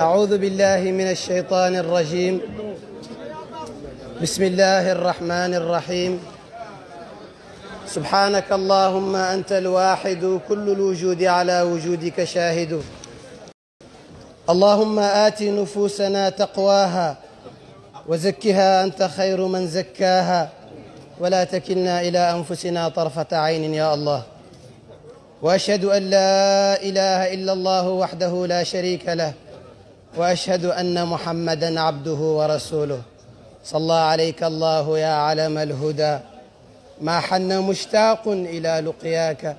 أعوذ بالله من الشيطان الرجيم بسم الله الرحمن الرحيم سبحانك اللهم أنت الواحد كل الوجود على وجودك شاهد اللهم آت نفوسنا تقواها وزكها أنت خير من زكاها ولا تكلنا إلى أنفسنا طرفة عين يا الله وأشهد أن لا إله إلا الله وحده لا شريك له واشهد ان محمدا عبده ورسوله صلى عليك الله يا علم الهدى ما حن مشتاق الى لقياك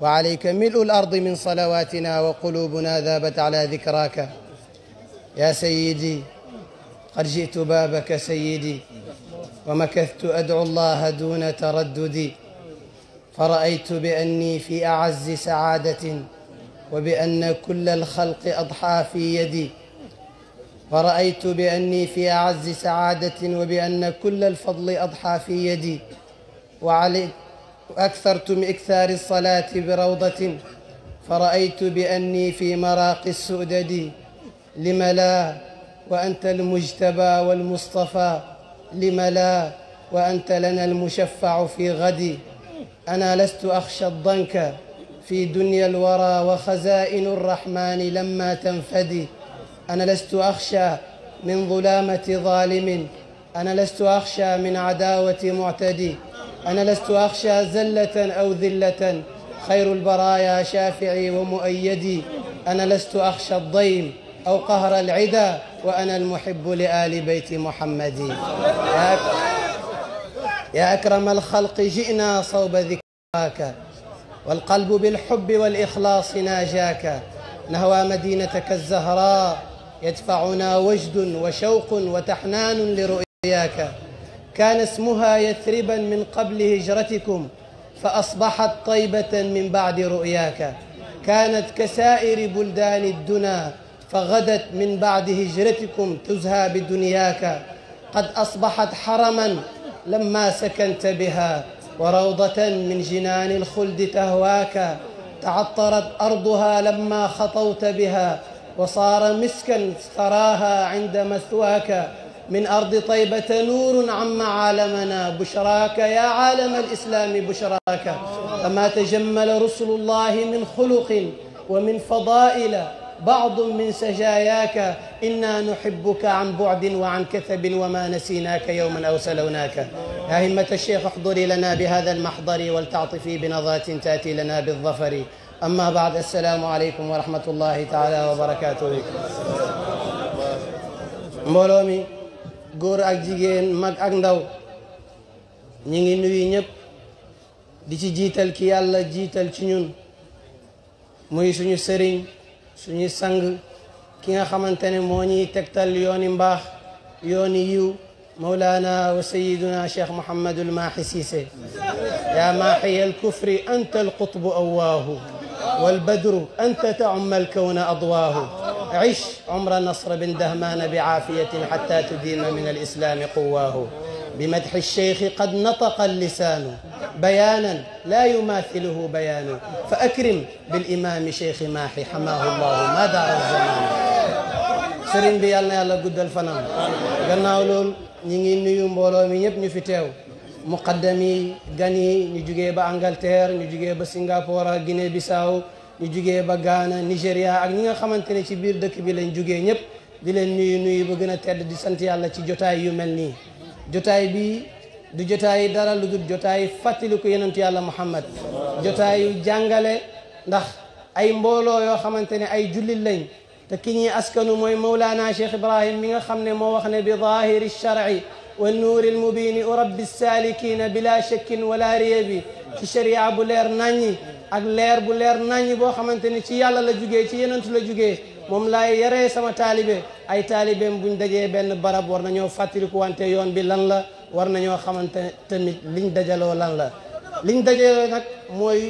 وعليك ملء الارض من صلواتنا وقلوبنا ذابت على ذكراك يا سيدي قد جئت بابك سيدي ومكثت ادعو الله دون تردد فرايت باني في اعز سعاده وبان كل الخلق اضحى في يدي ورأيت بأني في أعز سعادة وبأن كل الفضل أضحى في يدي وعلي وأكثرت من إكثار الصلاة بروضة فرأيت بأني في مراقي السؤدد لم لا وأنت المجتبى والمصطفى لم لا وأنت لنا المشفع في غد أنا لست أخشى الضنك في دنيا الورى وخزائن الرحمن لما تنفدي أنا لست أخشى من ظلامة ظالم أنا لست أخشى من عداوة معتدي أنا لست أخشى زلة أو ذلة خير البرايا شافعي ومؤيدي أنا لست أخشى الضيم أو قهر العدا وأنا المحب لآل بيت محمد يا, يا أكرم الخلق جئنا صوب ذكراك والقلب بالحب والإخلاص ناجاك نهوى مدينتك الزهراء يدفعنا وجد وشوق وتحنان لرؤياك كان اسمها يثربا من قبل هجرتكم فأصبحت طيبة من بعد رؤياك كانت كسائر بلدان الدنا فغدت من بعد هجرتكم تزهى بدنياك قد أصبحت حرما لما سكنت بها وروضة من جنان الخلد تهواك تعطرت أرضها لما خطوت بها وصار مسكا تراها عند مثواك من أرض طيبة نور عم عالمنا بشراك يا عالم الإسلام بشراك فما تجمل رسل الله من خلق ومن فضائل بعض من سجاياك إنا نحبك عن بعد وعن كثب وما نسيناك يوما أو سلوناك يا همة الشيخ احضري لنا بهذا المحضر ولتعطفي بنظات تأتي لنا بالظفر أما بعد السلام عليكم ورحمة الله تعالى وبركاته مولومي غور اك جيجين ماك اك نداو نيغي نوي نيب دي سي جيتال كي يالا جيتال سي نون موي سونو سيرين سونو سانغ كيغا خامتاني مو ني تكتال يوني مباخ يوني يو مولانا وسيدنا شيخ محمد الماحسيسي يا ماحي الكفر انت القطب اواه والبدر أنت تعم الكون أضواه عش عمر نصر بن دهمان بعافية حتى تدين من الإسلام قواه بمدح الشيخ قد نطق اللسان بيانا لا يماثله بيان فأكرم بالإمام شيخ ماحي حماه الله ما دار الزمان سرين بيالنا yàlla na yàlla الفنان fanam gannaaw loolu ñi ngi nuyu mbooloo mi muqaddam yi gan yi ñu jugee ba Angleterre ñu jugee ba Singapour ak Guinée Bissau ñu jugee ba Ghana Nigéria ak ñi nga xamante ne ci biir dëkk bi lañ jugee ñëpp di leen nuyu nuyu ba gën a tedd di sant yàlla ci jotaay yu mel nii jotaay bi du jotaay dara lu dul jotaay fàttaliku yonentu yàlla Muhammad jotaay yu jàngale ndax ay mbooloo yoo xamante ne ay jullit lañ te ki ñuy askanu mooy Mawlaana Cheikh Ibrahim mi nga xam ne moo wax ne bi zaahiri shar'i والنور المبين رب السالكين بلا شك ولا ريب في شريعة بو ناني اك لير بو ناني بو خامتاني سي يالا لا جوغي سي يننت لا جوغي موم لاي يري سما طالبي اي طالبين بو ندجي بن براب ورنا نيو فاتري كو وانتي يون بي لان لا ورنا نيو خامتاني تاميت لين دجالو لان لا لين دجالو نك موي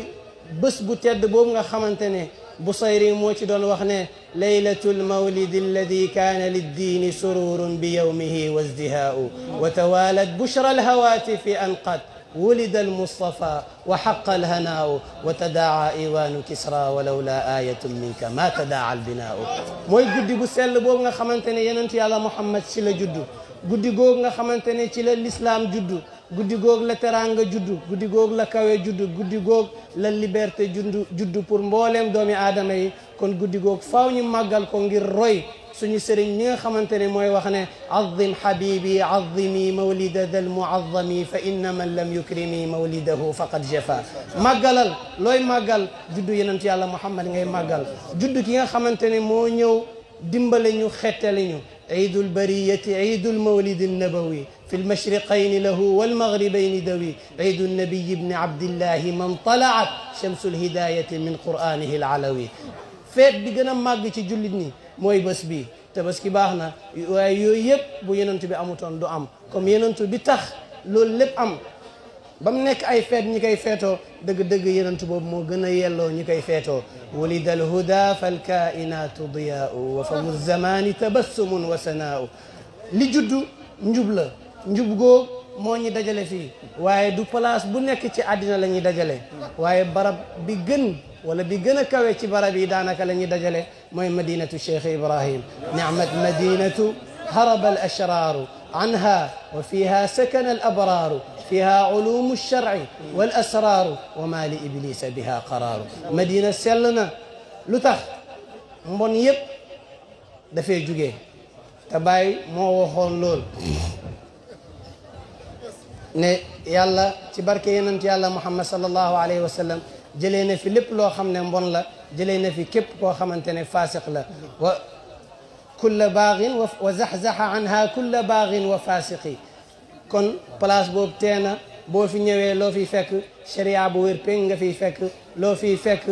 بس بو تيد بوم خامتاني بصيري موشد وخنه ليلة المولد الذي كان للدين سرور بيومه وازدهاء وتوالت بشرى الهواتف أنقت ولد المصطفى وحق الهناء وتداعى ايوان كسرى ولولا آية منك ما تداعى البناء موي جدي بسيل بوغ خمانتني يننتي على محمد سيلا جدو جدي بوغ خمانتني سيلا الإسلام جدو gudi gog la teranga juddu gudi gog la kawe juddu gudi gog la liberté juddu juddu pour mbooleem doomi adama yi kon gudi gog faaw ñu magal ko ngir roy suñu sëriñ ñi nga xamantene moy wax ne azim habibi azimi mawlida dal muazzami fa inna man lam yukrimi mawlidahu faqad jafa magalal loy magal juddu yenen ci yàlla muhammad ngay magal juddu ki nga xamantene mo ñëw dimbale ñu xétalé ñu عيد البرية عيد المولد النبوي في المشرقين له والمغربين دوي عيد النبي ابن عبد الله من طلعت شمس الهداية من قرآنه العلوي فيت بقنا ما قلت جلدني موي بس بي تبس كباهنا يب بو ينن تبي دو أم كم ينن تبي لول لب أم bam nek ay fete ñi kay feto deug deug yenentu boobu moo gën a yelloo ñi feto walidal huda fal kainatu diya'u wa famu zamani tabassum wa sana'u li juddu njub la njub go mo ñi dajale fi waye du place bu nek ci adina lañuy dajale waye barab bi gën wala bi gëna kawe ci barab yi daanaka lañuy dajale moy madinatu sheikh ibrahim ni'mat madinatu harab al ashrar عنها وفيها سكن الأبرار فيها علوم الشرع والأسرار وما لإبليس بها قرار مدينة سلنا لطخ مبون يب دفي جوجي تباي مو وخون لول ني يالا تي بركة ينمت يالا محمد صلى الله عليه وسلم جلينا في لب لو خمنا مبون لا جلينا في كيب كو خمنتنا فاسق لا و كل باغ وزحزح عنها كل باغ وفاسقي kon place boobu teena boo fi ñëwee loo fiy fekk sharia bu wér péng nga fiy fekk loo fiy fekk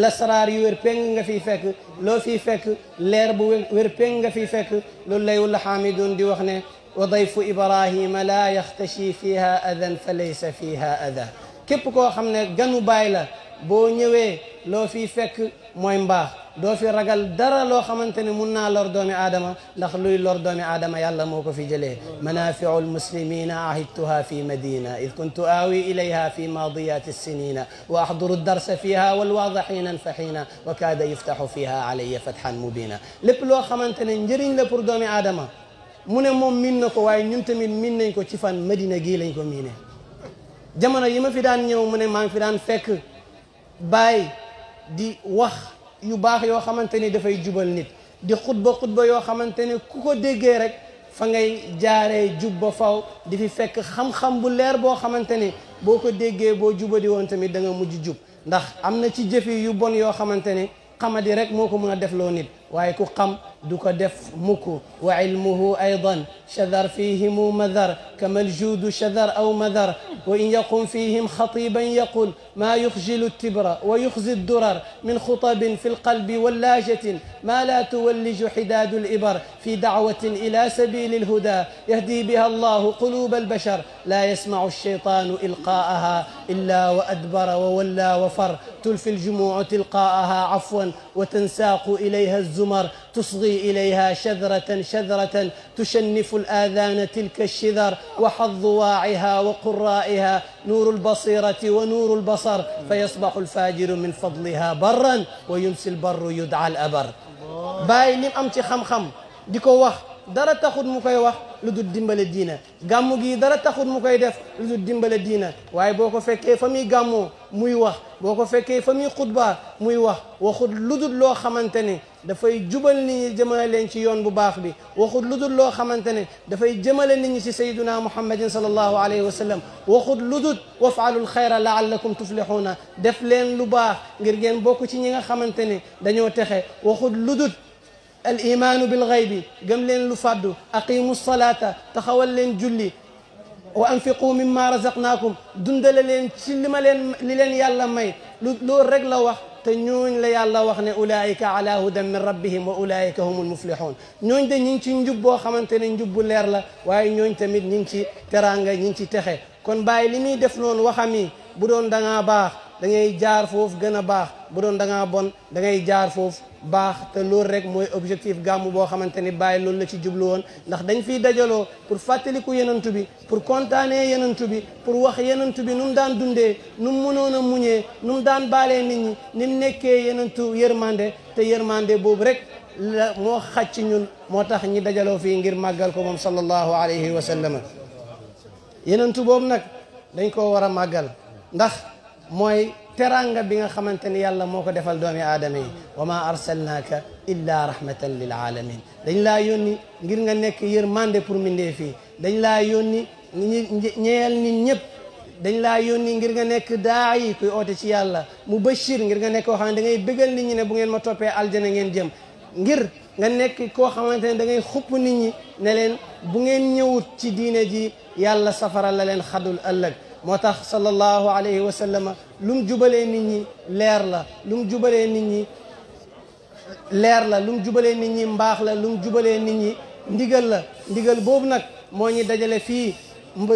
lasaraar yu wér péng nga fiy fekk loo fiy fekk leer bu wér péng nga fiy fekk loolu lay wula xaamidun di wax ne wa dayfu ibrahima laa yaxtashi fiha adan fa laysa fiha ada képp koo xam ne ganu baay la boo ñëwee loo fekk mooy mbaax do fi ragal dara lo xamanteni ne na lor doomi adama ndax luy lor doomi adama yàlla moko fi jele manafi'ul muslimina ahidtuha fi madina id kuntu awi ilayha fi madiyat as sinina wa ahduru ad-dars fiha wal xiinan fa wa kada yaftahu fiha alayya fathan mubina lépp lo xamanteni ne njëriñ la pour doomi adama mune mom min nako way ñun tamit min nañ ko ci fan madina gi lañ ko miné jamono yima fi daan ñëw mune ma fi daan fekk bay di wax yu baax yoo xamante ni dafay jubal nit di xutba xutba yoo xamante ni ku ko déggee rek fa ngay jaaree jub ba faw di fi fekk xam-xam bu leer boo xamante ni boo ko déggee boo jubadi woon tamit da nga mujj jub ndax am na ci jëf yu bon yoo xamante ni xamadi rek moo ko mun a defloo nit waaye ku xam دك دفمك وعلمه أيضا شذر فيهم مذر كما الجود شذر أو مذر وإن يقوم فيهم خطيبا يقول ما يخجل التبر ويخزي الدرر من خطب في القلب ولاجة ما لا تولج حداد الإبر في دعوة إلى سبيل الهدى يهدي بها الله قلوب البشر لا يسمع الشيطان إلقاءها إلا وأدبر وولى وفر تلف الجموع تلقاءها عفوا وتنساق إليها الزمر تصغي إليها شذرة شذرة تشنف الآذان تلك الشذر وحظ واعها وقرائها نور البصيرة ونور البصر فيصبح الفاجر من فضلها برا ويمسي البر يدعى الأبر باي نم أمتي خم خم ديكو وقت dara taxut mu koy wax lu dimbale diina gamu gi dara taxut mu koy def lu dul dimbale diina waye boko fekke fami gamu muy wax boko fekke fami khutba muy wax waxut lu dul loo xamante ne jubal ñi jëmale ci yoon bu baax bi waxut lu dul loo xamante ne jëmale nit ñi ci sayyiduna muhammadin sallallahu alayhi wa sallam waxut lu dul wafaalul xayra laallakum tuflihuna def len lu baax ngir ngeen bokk ci ñi nga xamantene dañoo texe waxut lu الايمان بالغيب قم لين لفادو اقيموا الصلاه تخول لين جلي وانفقوا مما رزقناكم دندل لين سلم لين لين يالا ماي لو رك لا واخ تا نيون لا يالا واخ ني اولئك على هدى من ربهم واولئك هم المفلحون نون دي نين سي نجوب بو خامتاني نجوب لير نون واي نيون تاميت نين سي ترانغا نين سي تخه كون باي لي مي ديف نون واخامي بودون داغا باخ da ngay jaar foofu gën a baax bu doon da bon da ngay jaar foofu baax te loolu rek mooy objectif gàmm boo xamante ni bàyyi loolu la ci jublu woon ndax dañ fiy dajaloo pour fàttaliku yenantu bi pour kontaanee yenantu bi pour wax yenantu bi nu daan dundee nu mu mënoon a muñee num daan baalee nit ñi ni mu nekkee yenantu yërmande te yërmande boobu rek moo xacc ci ñun moo tax ñi dajaloo fii ngir màggal ko moom sallallahu alayhi wa sallam yenantu boobu nag dañ koo war a màggal mooy teranga bi nga xamante ni yàlla moo ko defal doomi aadama yi wa ma arsalnaaka illa rahmatan lil alamin dañ laa yónni ngir nga nekk yërmande pour mindé fi dañ la yoni ñeyal nit ñëpp dañ la yoni ngir nga nek daa yi kuy oote ci yàlla mu bashir ngir nga nek koo xam da ngay bëggal nit ñi ne bu ngeen ma topé aljana ngeen jëm ngir nga nek ko xamanteni da ngay xupp nit ñi ne len bu ngeen ñëwut ci diine ji yàlla safara la len khadul ëllëg motax sallallahu alayhi wa sallam lum jubale nit ñi leer la lum jubale nit ñi leer la lum jubale nit ñi mbax la lum jubale nit ñi ndigal la ndigal bobu nak mo ñi dajale fi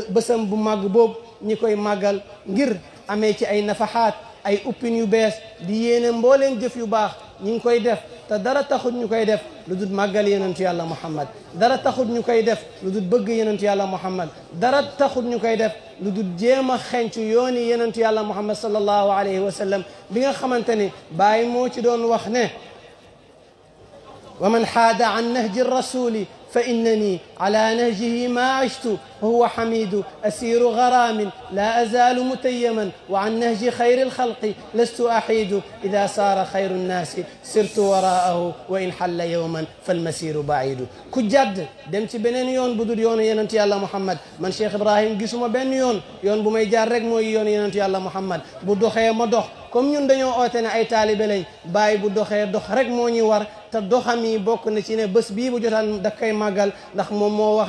bësam bu mag bobu ñi koy màggal ngir amé ci ay nafahat ay opinion yu bees di yene mbolen jëf yu bax ñi def ta dara taxut ñukoy def lu magal màggal yenentu yàlla muhammad dara taxut ñukoy def lu dul bëgg yenentu yàlla muhammad dara taxut ñukoy def lu dul jéem a xencu yooni yenentu yàlla muhammad sallallahu alayhi wa sallam bi nga xamantene ni mo ci doon wax ne ومن حاد عن نهج الرسول فإنني على نهجه ما عشت وهو حميد أسير غرام لا أزال متيما وعن نهج خير الخلق لست أحيد إذا صار خير الناس سرت وراءه وإن حل يوما فالمسير بعيد كجد دمت بنين يون بدر يون ينتي الله محمد من شيخ إبراهيم قسم بن يون يون بميجار جار رك موي يون ينتي الله محمد بدو خير مدخ كم يون دنيو أوتنا أي ay taalibe باي bàyyi bu doxee dox rek تدخمي بوك نتينا بس بي بجوتان دكاي ماغال لخ موم مو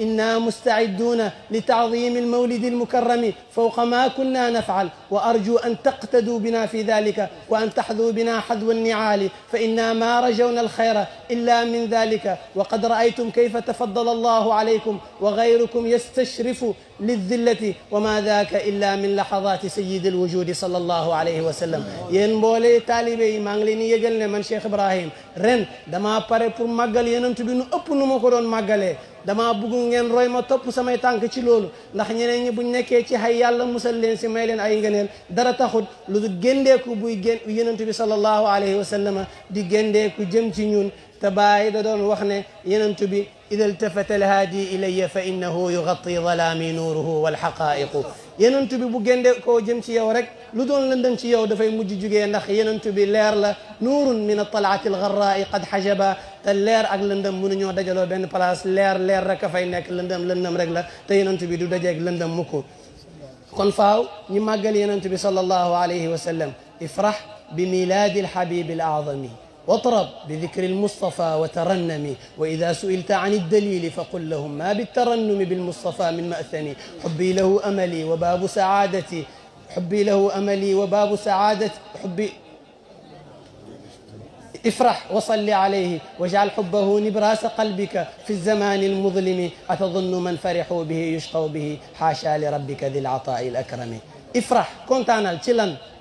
انا مستعدون لتعظيم المولد المكرم فوق ما كنا نفعل وأرجو أن تقتدوا بنا في ذلك وأن تحذوا بنا حذو النعال فإنا ما رجونا الخير إلا من ذلك وقد رأيتم كيف تفضل الله عليكم وغيركم يستشرف للذلة وما ذاك إلا من لحظات سيد الوجود صلى الله عليه وسلم ينبولي تاليبي مانغليني يجلني من شيخ إبراهيم رن دما باري بور مغل ينمتبينو أبنو مخورون مغلي dama bëgg ngeen roy ma topp samay tànk ci loolu ndax ñeneen ñi buñ nekkee ci hay yàlla musal leen si may leen ay ngeen ñeneen dara taxut lu du gendeeku buy gen yonente bi sallallahu alayhi wa sallam di gendeeku jëm ci ñun te baay da doon wax ne yonente bi إذا التفت الهادي إلي فإنه يغطي ظلامي نوره والحقائق يننت بي بوغند كو جيمتي ياو رك لودون لندن تي ياو دافاي موجي جوغي ناخ يننت بي لير لا نور من الطلعة الغراء قد حجب تلير اك لندن مونو نيو داجالو بن بلاص لير لير رك فاي نيك لندن لندن رك لا تي يننت بي دو داجيك لندن موكو كون فاو ني ماغال yonent صلى الله عليه وسلم افرح بميلاد الحبيب الاعظم واطرب بذكر المصطفى وترنم وإذا سئلت عن الدليل فقل لهم ما بالترنم بالمصطفى من مأثم حبي له أملي وباب سعادتي حبي له أملي وباب سعادتي حبي افرح وصل عليه واجعل حبه نبراس قلبك في الزمان المظلم أتظن من فرحوا به يشقوا به حاشا لربك ذي العطاء الأكرم افرح كنت أنا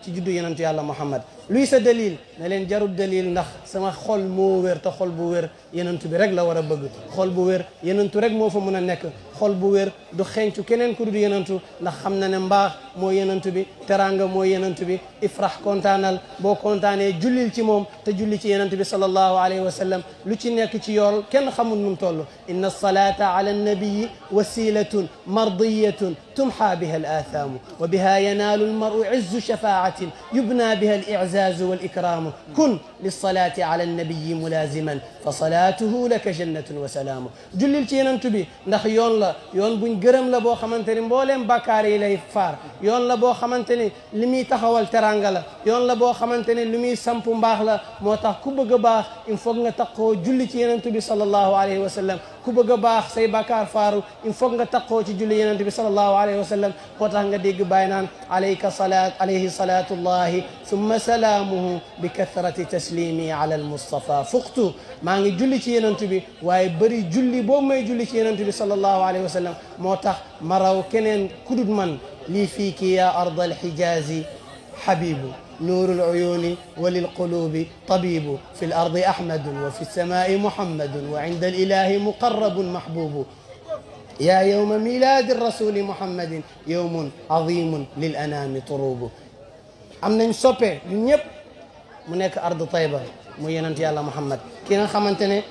ci jiddu yonent yàlla muhammad luy sa dalil ne len jarul dalil ndax sama xol mo wér ta xol bu wér yonent bi rek la wara a bëgg xol bu wér yonent rek mo fa mën nek xol bu wér du xencu keneen ku dul yonent ndax xam na ne mbax mo yonent bi teranga mo yonent bi ifrah kontanal bo kontane julil ci mom te julli ci yonent bi sallallahu alayhi wa sallam lu ci nek ci yool kenn xamul num tollu inna salata ala nabiy wasilatun mardiyatun tumha biha al atham wa biha al mar'u izzu shafaa يبنى بها الإعزاز والإكرام كن للصلاة على النبي ملازما فصلاته لك جنة وسلام جلل تينا انتبه نخ يون لا يون بن قرم لبو خمانتني بولين بكاري لي يفار يون لبو خمانتني لمي تخوال ترانغلا يون لبو خمانتني لمي سمبو مباخلا موتا كوبغ باخ انفوغ نتقو جلل تينا انتبه صلى الله عليه وسلم ku bëgg baax say bàkkaar faaru il faut nga takko ci julli yenente bi sallallahu alayhi wasallam ko tax nga deg bàyyi naan alayka salat alayhi salatu allah thumma salamuhu bi kathrati taslimi ala al mustafa fuqtu ma ngi julli ci yenente bi waaye bëri julli bo may julli ci yenente bi sallallahu alayhi wasallam motax maraw kenen kudut man li fii ki ya ard hijazi حبيبه نور العيون وللقلوب طبيب في الأرض أحمد وفي السماء محمد وعند الإله مقرب محبوب يا يوم ميلاد الرسول محمد يوم عظيم للأنام طروب أم ننسوبة نيب منك أرض طيبة مين أنت الله محمد كنا خمنتني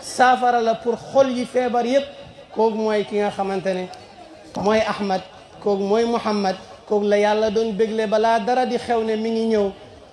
سافر لبور خلي فيبر يب كوك موي كنا خمنتني موي أحمد كوك موي محمد كوك لا يالا دون بيغلي بلا دارا دي خاوني ميغي نييو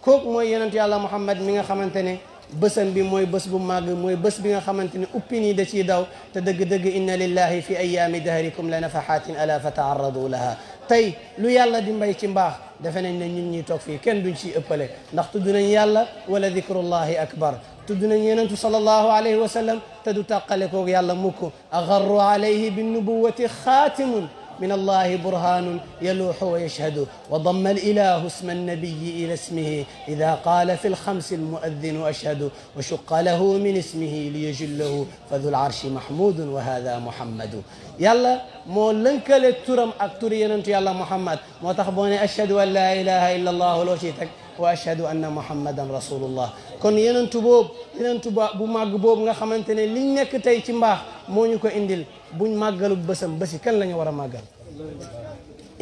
كوك موي يونت يالا محمد ميغا خامتاني بسن بي موي بس بو ماغ موي بس بيغا خامتاني اوبيني دا سي داو تا دغ دغ ان لله في ايام دهركم لنفحات الا فتعرضوا لها تي لو يالا دي مباي سي مباخ دافنن ني نيت ني توك في كين دون سي ايبالي ناخ تودن يالا ولا ذكر الله اكبر تدنا يننت صلى الله عليه وسلم تدو تقلكو يالا موكو اغر عليه بالنبوه خاتم من الله برهان يلوح ويشهد وضم الإله اسم النبي إلى اسمه إذا قال في الخمس المؤذن أشهد وشق له من اسمه ليجله فذو العرش محمود وهذا محمد يلا مولنك للترم turam أنت يلا محمد yàlla أشهد أن لا إله إلا الله لو شيتك واشهد ان محمدا رسول الله كون يننت بوب يننت بوب ماغ بوب nga xamantene li nek tay ci mbax moñu ko indil buñ magalu bësam bësi kan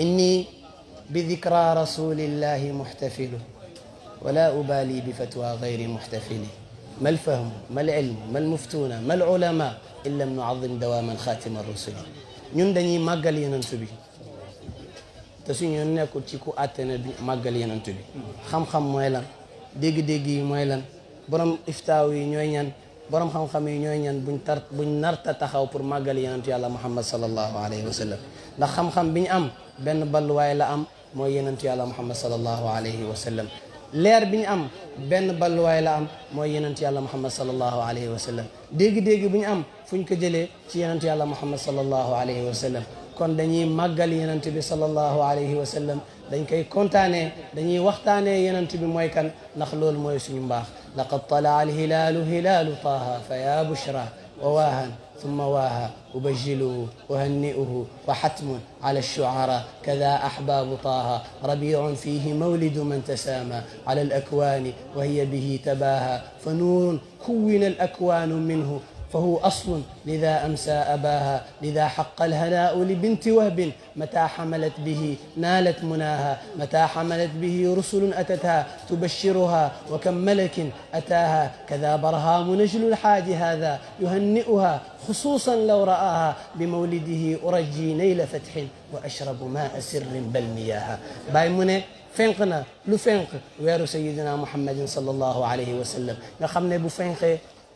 اني بذكرى رسول الله محتفل ولا ابالي بفتوى غير محتفل ما الفهم ما العلم ما المفتون ما العلماء الا من نعظم دواما خاتم الرسل ñun dañuy magal yenen tubi te suñu yoon nekkul ci ku àttana du màggal yenant bi xam-xam mooy lan dégg-dégg yi mooy lan borom iftaaw yi ñooy ñan borom xam-xam yi ñooy ñan buñ tar buñ narta taxaw pour màggal yenentu yàlla muhammad salallahu alayhi wa sallam ndax xam-xam bi ñu am benn balluwaay la am mooy yenentu yàlla muhammad salallahu alayhi wa sallam leer bi ñu am benn balluwaay la am mooy yenent yàlla muhammad salallahu alayhi wa sallam dégg-dégg bu ñu am fu ñu ko jëlee ci yenentu yàlla muhammad salallahu alayhi wa sallam kon dañuy magal yenant bi sallallahu alayhi wa sallam dañ koy contane dañuy waxtane yenant bi moy kan ndax lool moy suñu mbax laqad talaa alhilaalu hilaalu taha fa ya bushra wa wahan ثم واها أبجله أهنئه وحتم على الشعراء كذا أحباب طه ربيع فيه مولد من تسامى على الأكوان وهي به تباها فنور كون الأكوان منه فهو أصل لذا أمسى أباها لذا حق الهناء لبنت وهب متى حملت به نالت مناها متى حملت به رسل أتتها تبشرها وكم ملك أتاها كذا برهام نجل الحاج هذا يهنئها خصوصا لو رآها بمولده أرجي نيل فتح وأشرب ماء سر بل مياها باي مني fenq لفنق ويرو سيدنا محمد صلى الله عليه وسلم نخمنا sallam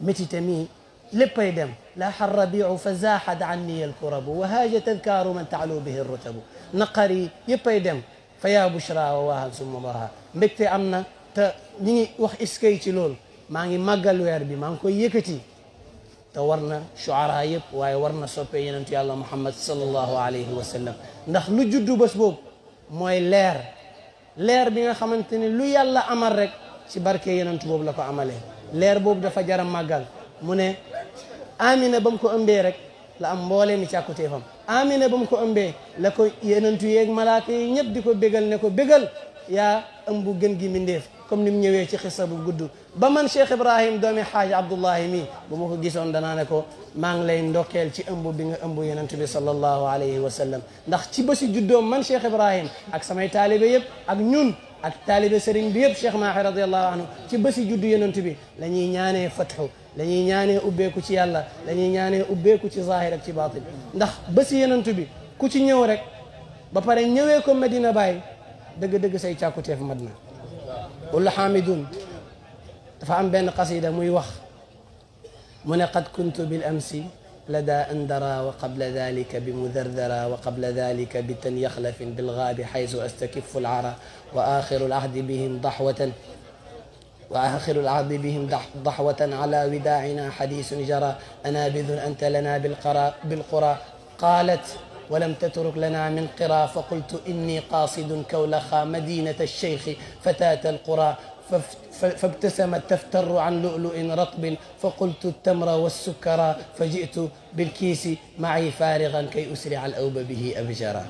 nga xam لبيدم لاح الربيع فزاحت عني الكرب وهاج تذكار من تعلو به الرتب نقري يبيدم فيا بشرى وواها ثم الله مكتي امنا تا ني وخ اسكيت لول ماغي ماغال وير بي مانكو يكتي تا ورنا شعراء يب واي ورنا سوبي ينتي الله محمد صلى الله عليه وسلم نخ لو جودو بس بوب موي لير لير بيغا خامتيني لو يالا امر رك سي بركه ينتي بوب لاكو امالي لير بوب دا فجر ماغال مو amina ba mu ko ëmbee rek la am mboolee mi càkkuteefam amina ba mu ko ëmbee la ko yenentu yeeg malaaka yi ñëpp di ko bégal ne ko bégal yaa ëmbu gën gi mindeef comme ni mu ñëwee ci xissa bu gudd ba man Cheikh Ibrahim doomi xaaj Abdullahi mi bu ma ko gisoon danaa ne ko maa ngi lay ndokkeel ci ëmb bi nga ëmb yonent bi sallallahu alayhi wa sallam ndax ci bési juddoom man Cheikh Ibrahim ak samay taalibe yëpp ak ñun ak taalibe sëriñ bi yëpp Cheikh Mahi radiallahu anhu ci bési juddu yonent bi la ñuy ñaanee fatxu la ñuy ñaanee ubbeeku ci yàlla la ñuy ñaanee ubbeeku ci zahir ak ci baatin ndax bés yenantu bi ku ci ñëw rek ba pare ñëwee ko Medina Baye dëgg-dëgg say càkkuteef mat na ul xaamidun dafa am benn qasida muy wax mu ne qad kuntu bil amsi لدى أندرى وقبل ذلك بمذرذرى وقبل ذلك بتن يخلف بالغاب حيث أستكف العرى وآخر العهد بهم ضحوة وآخر العرض بهم ضحوة على وداعنا حديث جرى أنابذ أنت لنا بالقرى, بالقرى قالت ولم تترك لنا من قرى فقلت إني قاصد كولخا مدينة الشيخ فتاة القرى فابتسمت تفتر عن لؤلؤ رطب فقلت التمر والسكر فجئت بالكيس معي فارغا كي أسرع الأوب به أبجرا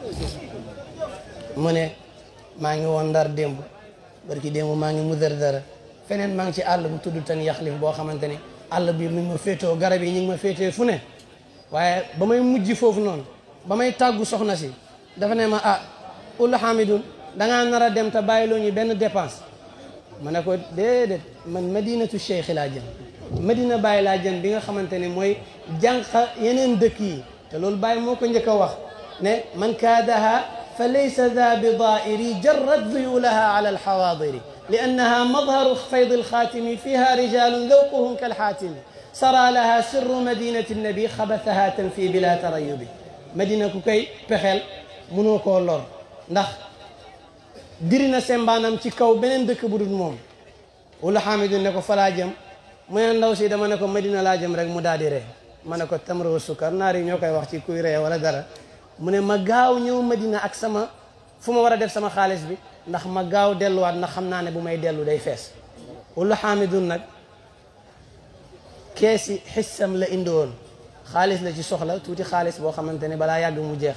مني ما maa ngi بركي ndar démb barki démb feneen maa ngi ci àll bu tudd tan yaxlif boo xamante ni àll bi mi ngi ma féetoo garab yi ñu ngi ma féetee fu ne waaye ba may mujj foofu noonu ba may tàggu soxna si dafa ne ma ah ul hamidun dangaa nar a dem te bàyyiloo ñu benn dépense ma ne ko déedéet man madinatu cheikh laa jëm madina bàyyi laa jëm bi nga xamante ne mooy jànq yeneen dëkk yi te loolu bàyyi moo ko njëkk a wax ne man kaadaha فليس ذا بضائري جرت ذيولها على الحواضر لأنها مظهر فيض الخاتم فيها رجال ذوقهم كالحاتم سرى لها سر مدينة النبي خبثها تنفي بلا تريب مدينة كوكي بخل منو كولور نخ ديرنا سيمبانام تي كاو بنين دك بودون موم ولا حامد نكو فلا جام مو ندو سي دما مدينه لا جام رك مو دادي ري مانكو تمر وسكر ناري نيوكاي واخ تي ولا دارا mune ma gaaw ñëw medina ak sama fu ma war def sama xaalis bi ndax ma gaaw delluwaat ndax xam naa ne bu may delu day fess ul hamidun nak kessi hissam la indiwoon xaalis la ci soxla tuti xaalis bo xamantene bala yag mu jeex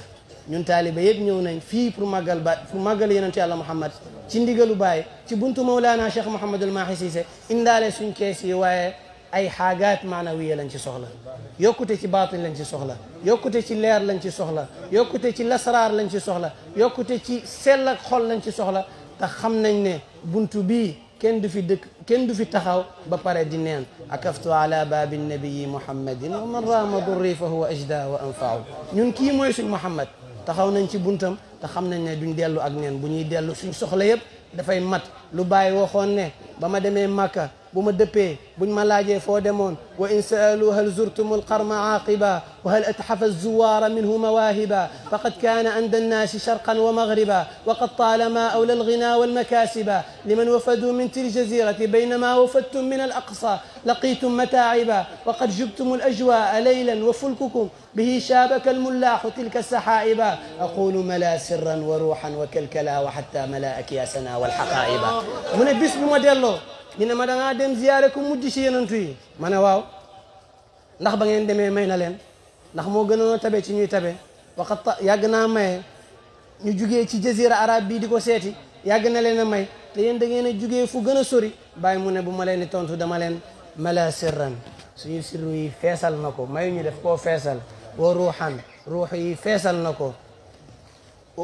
ñun taaliba yeb ñëw nañ fi pour magal ba pour màggal yonentu allah Muhammad ci ndigalu baye ci buntu maulana Cheikh Mouhamadul Mahi Cissé indale suñ kessi waye ay xaagaat maanawiya lañ ci soxla yokkute ci baatin lañ ci soxla yokkute ci leer lañ ci soxla yokkute ci lasaraar lañ ci soxla yokkute ci sell ak xol lañ ci soxla te xam nañ ne buntu bii kenn du fi dëkk kenn du fi taxaw ba pare di neen akaftu ala baabi nabiyi muhammadin wa man raama durri fa huwa ajda wa anfaaw ñun kii mooy suñ muhammad taxaw nañ ci buntam te xam nañ ne duñ dellu ak neen bu ñuy dellu suñ soxla yëpp dafay mat lu bàyyi waxoon ne ba ma demee màkka بوما دبي بوما لاجي فو وان سالوا هل زرتم القرم عاقبة وهل اتحف الزوار منه مواهبة فقد كان عند الناس شرقا ومغربا وقد طالما اولى الغنى والمكاسبا لمن وفدوا من تل الجزيره بينما وفدتم من الاقصى لقيتم متاعبا وقد جبتم الاجواء ليلا وفلككم به شابك الملاح تلك السحائبا اقول ملا سرا وروحا وكلكلا وحتى ملا أكياسنا سنا من باسم ديالو ñu ne ma da dem ziyaare ku mujj ci yenantu yi ma ne waaw ndax ba ngeen demee may na leen ndax moo gën a tabe ci ñuy tabe waxat yàgg naa maye ñu jugee ci jazira arab bii di ko seeti yàgg na leen a may te yéen da ngeen a jugee fu gën a sori bàyyi mu ne bu ma leen di tontu dama leen mala sirran suñu sirru yi feesal na ko mayu ñu def koo feesal wa ruuxan ruux yi feesal na ko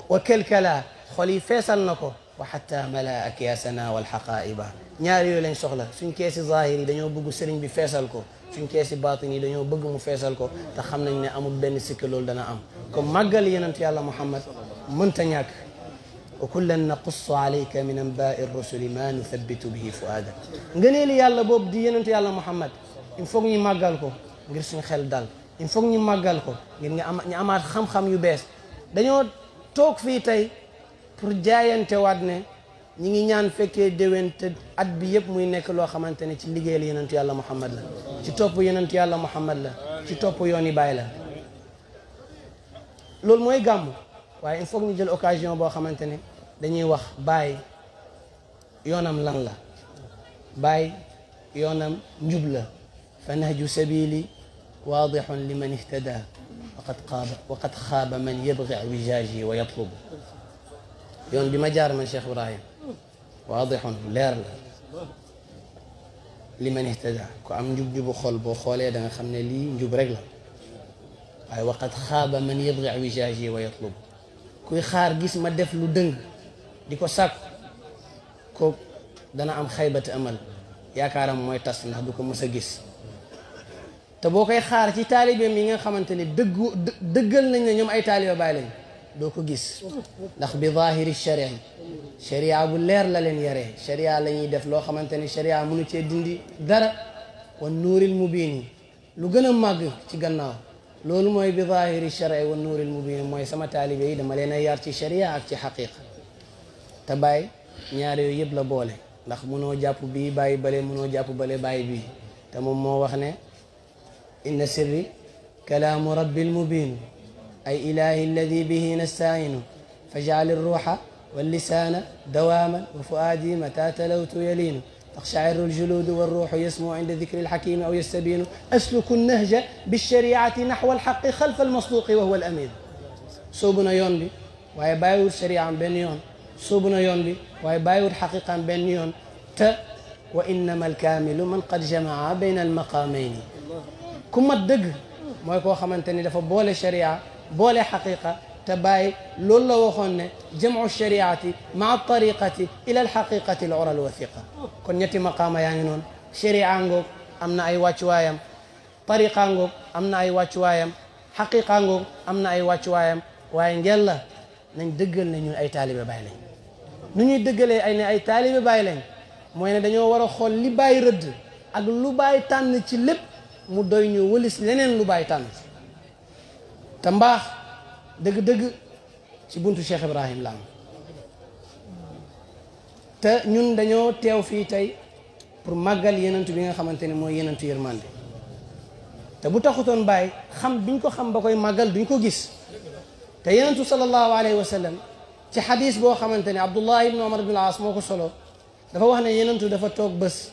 wa kelkala xol yi feesal na ko wa xatta mala akyaasana wal xaqaa'iba ñaar yooyu lañ soxla suñ keesi zahir yi dañoo bëgg sëriñ bi feesal ko suñ keesi baatin yi dañoo bëgg mu feesal ko te xam nañ ne amul benn sikka loolu dana am comme màggal yonent yàlla Muhammad mënta ñàkk wa kullan naqussu alayka min anbaai rusuli ma nuthabitu bihi fuaadak ngëneeli yàlla boobu di yonent yàlla Muhammad il faut ñu màggal ko ngir suñ xel dal il faut ñu màggal ko ngir nga am ñu amaat xam-xam yu bees dañoo toog fii tey pour jaayante wat ne ñi ngi ñaan fekke dewente at bi yep muy nek lo xamantene ci liggeel yonent yàlla muhammad la ci top yonent yàlla muhammad la ci top yoni bay la lool moy gam waye il faut ñu jël occasion bo xamantene dañuy wax bay yonam lan la bay yonam njub la fa nahju sabili واضح لمن اهتدى وقد خاب وقد خاب من يبغي وجاجي ويطلب yoon bi ma jaar man Cheikh Ibrahim waadixun leer la li man ihtada ku am njub jubu xol boo xoolee danga xam ne lii njub rek la waaye waqad xaaba man yabgi wijaaji wa yatlub kuy xaar gis ma def lu dëng di ko sàkku ko dana am xaybati amal yaakaaram mooy tas ndax du ko mës a gis te boo koy xaar ci taalibeem yi nga xamante ne dëggu dëggal nañ ne ñoom ay taalibe baay lañ دوكو غيس ناخ بظاهر الشريعه شريعه بو لير لا لين يري شريعه لا ني ديف لو خامتاني شريعه منو تي ديندي دار والنور المبين لو غنا ماغ تي غناو لول موي بظاهر الشريعه والنور المبين موي سما طالب يي دما لينا يار تي شريعه اك تي حقيقه تباي نيار يو ييب لا بوله ناخ منو جاب بي باي بالي منو جاب بالي باي بي تا موم مو واخني ان سري كلام رب المبين أي إله الذي به نستعين فاجعل الروح واللسان دواما وفؤادي متى تلوت يلين تقشعر الجلود والروح يسمو عند ذكر الحكيم أو يستبين أسلك النهج بالشريعة نحو الحق خلف المصدوق وهو الأمير صوبنا يونبي ويبايور شريعة بين يون صوبنا يونبي ويبايور حقيقة بين يون ت وإنما الكامل من قد جمع بين المقامين كما الدق ما يكون خمنتني دفع بول الشريعة boole xaqiqa te bàyyi loolu la waxoon ne jamcu shariati maa tariqati ila alxaqiqati al ura al wathiqa kon ñetti maqaama yaa ngi noonu sharia ngoog am na ay wàccuwaayam tariqa ngoog am na ay wàccuwaayam xaqiqa ngoog am na ay wàccuwaayam waaye ngel la nañ dëggal ne ñun ay taalibe bàyyi lañ nu ñuy dëggalee ay ne ay taalibe bàyyi lañ mooy ne dañoo war a xool li bàyyi rëdd ak lu bàyyi tànn ci lépp mu doy ñu wëlis leneen lu bàyyi tànn te mbaax dëgg-dëgg ci buntu Cheikh Ibrahim la am ñun dañoo teew fii tey pour màggal yenentu bi nga xamante ne mooy yenentu yërmande te bu taxutoon bàyyi xam biñ ko xam ba koy màggal biñ ko gis te yenentu sallallahu alayhi wa sallam ci xadis boo xamante ne Abdullah ibn Omar ibn al-As moo ko solo dafa wax ne yenentu dafa toog bës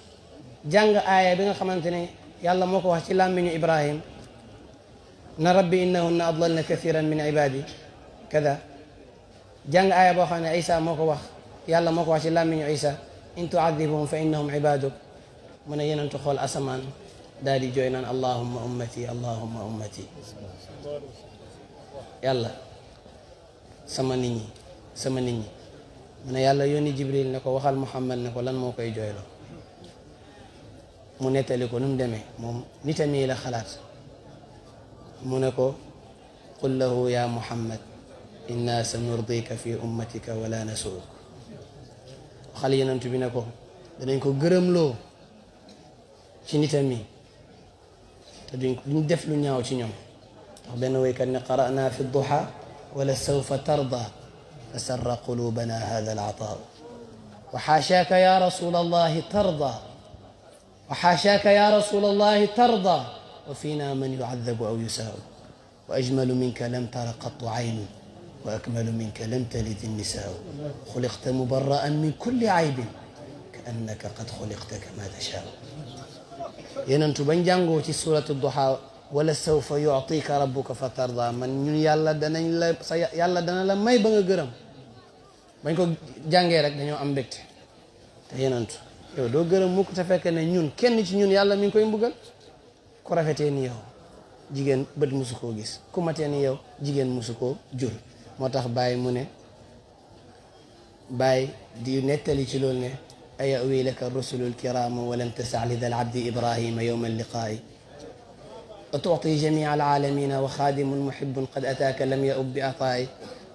jàng aaya bi nga xamante ne yàlla moo ko wax ci làmmiñu Ibrahim na rabbi innahunna adlalna kathiran min ibadi kada jàng aya bo xamne isa moko wax yàlla moko wax ci làmmiñu isa in tuadibuhum fa innahum ibaduk mun ne yenentu xool asamaan daal di allahumma ummati allahumma ummati yàlla sama nit ñi sama nit ñi mun yàlla yoni jibril ne ko waxal muhammad ne ko lan moo koy jooyloo mu nettali ko nu mu demee moom la khalat منكو قل له يا محمد إنا سنرضيك في أمتك ولا نسوك خلي ننتو بينكو دنينكو غرم لو تنتمي تدينكو ندفل نياو تنيوم ربنا ويكن قرأنا في الضحى ولا سوف ترضى فسر قلوبنا هذا العطاء وحاشاك يا رسول الله ترضى وحاشاك يا رسول الله ترضى وفينا من يعذب أو يساء وأجمل منك لم تر قط عين وأكمل منك لم تلد النساء خلقت مبرأ من كل عيب كأنك قد خلقت كما تشاء ينتبن جانغو في سورة الضحى ولا سوف يعطيك ربك فترضى من يالا دنا يالا دنا لا ماي بان غرام بان كو جانغي رك دانيو ام بكت تا ينانتو يو دو غرام موكو تا فك ني نون كين يالا مين كوي مبغال ku rafetee ni yow jigéen bët musu gis ku matee ni yow jigéen musu jur moo tax bàyyi mu ne bàyyi di nettali ci loolu ne ayawi laka rusulu lkiraamu walam tasaa li dal abdi ibrahima yowma alliqaayi أتعطي جميع العالمين وخادم محب قد أتاك لم يؤب بأطائي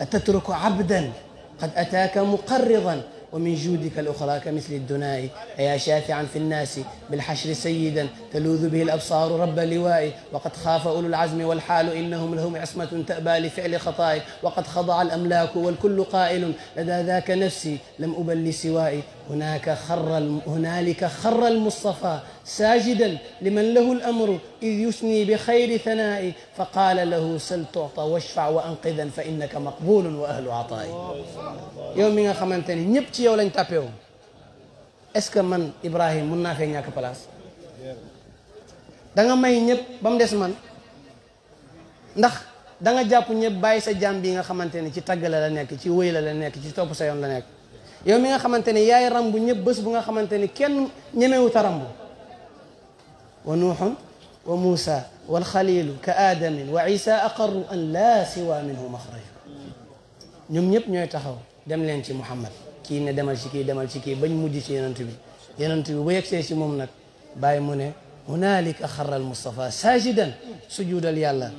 أتترك عبدا قد أتاك مقرضا ومن جودك الأخرى كمثل الدناء يا شافعا في الناس بالحشر سيدا تلوذ به الأبصار رب لوائي وقد خاف أولو العزم والحال إنهم لهم عصمة تأبى لفعل خطائي وقد خضع الأملاك والكل قائل لدى ذاك نفسي لم أبل سوائي هناك خر هنالك خر المصطفى ساجدا لمن له الامر اذ يثني بخير ثنائي فقال له سل تعطى واشفع وانقذا فانك مقبول واهل عطائي يوم من خمنتني نيبت يا ولن تابيو اسك من ابراهيم من نافي نياك بلاص داغا ماي نيب بام ديس مان ندخ داغا جاب نيب باي سا جامبي nga xamanteni ci tagal la nek ci weyla la nek ci top sa yon la nek yow mi nga xamante ne yaay rambu ñëpp bés bu nga xamante ne kenn ñemewut a rambu wa nuuxun wa muusa walxalilu ka aadamin wa isa aqarru an laa siwa minhu maxraju ñoom ñëpp ñooy taxaw dem leen ci muhammad kii ne demal ci kii demal ci kii bañ mujj ci yonent bi yonent bi bu yegsee ci moom nag bàyyi mu ne hunaalika xarra al mustafa saajidan sujuudal yàlla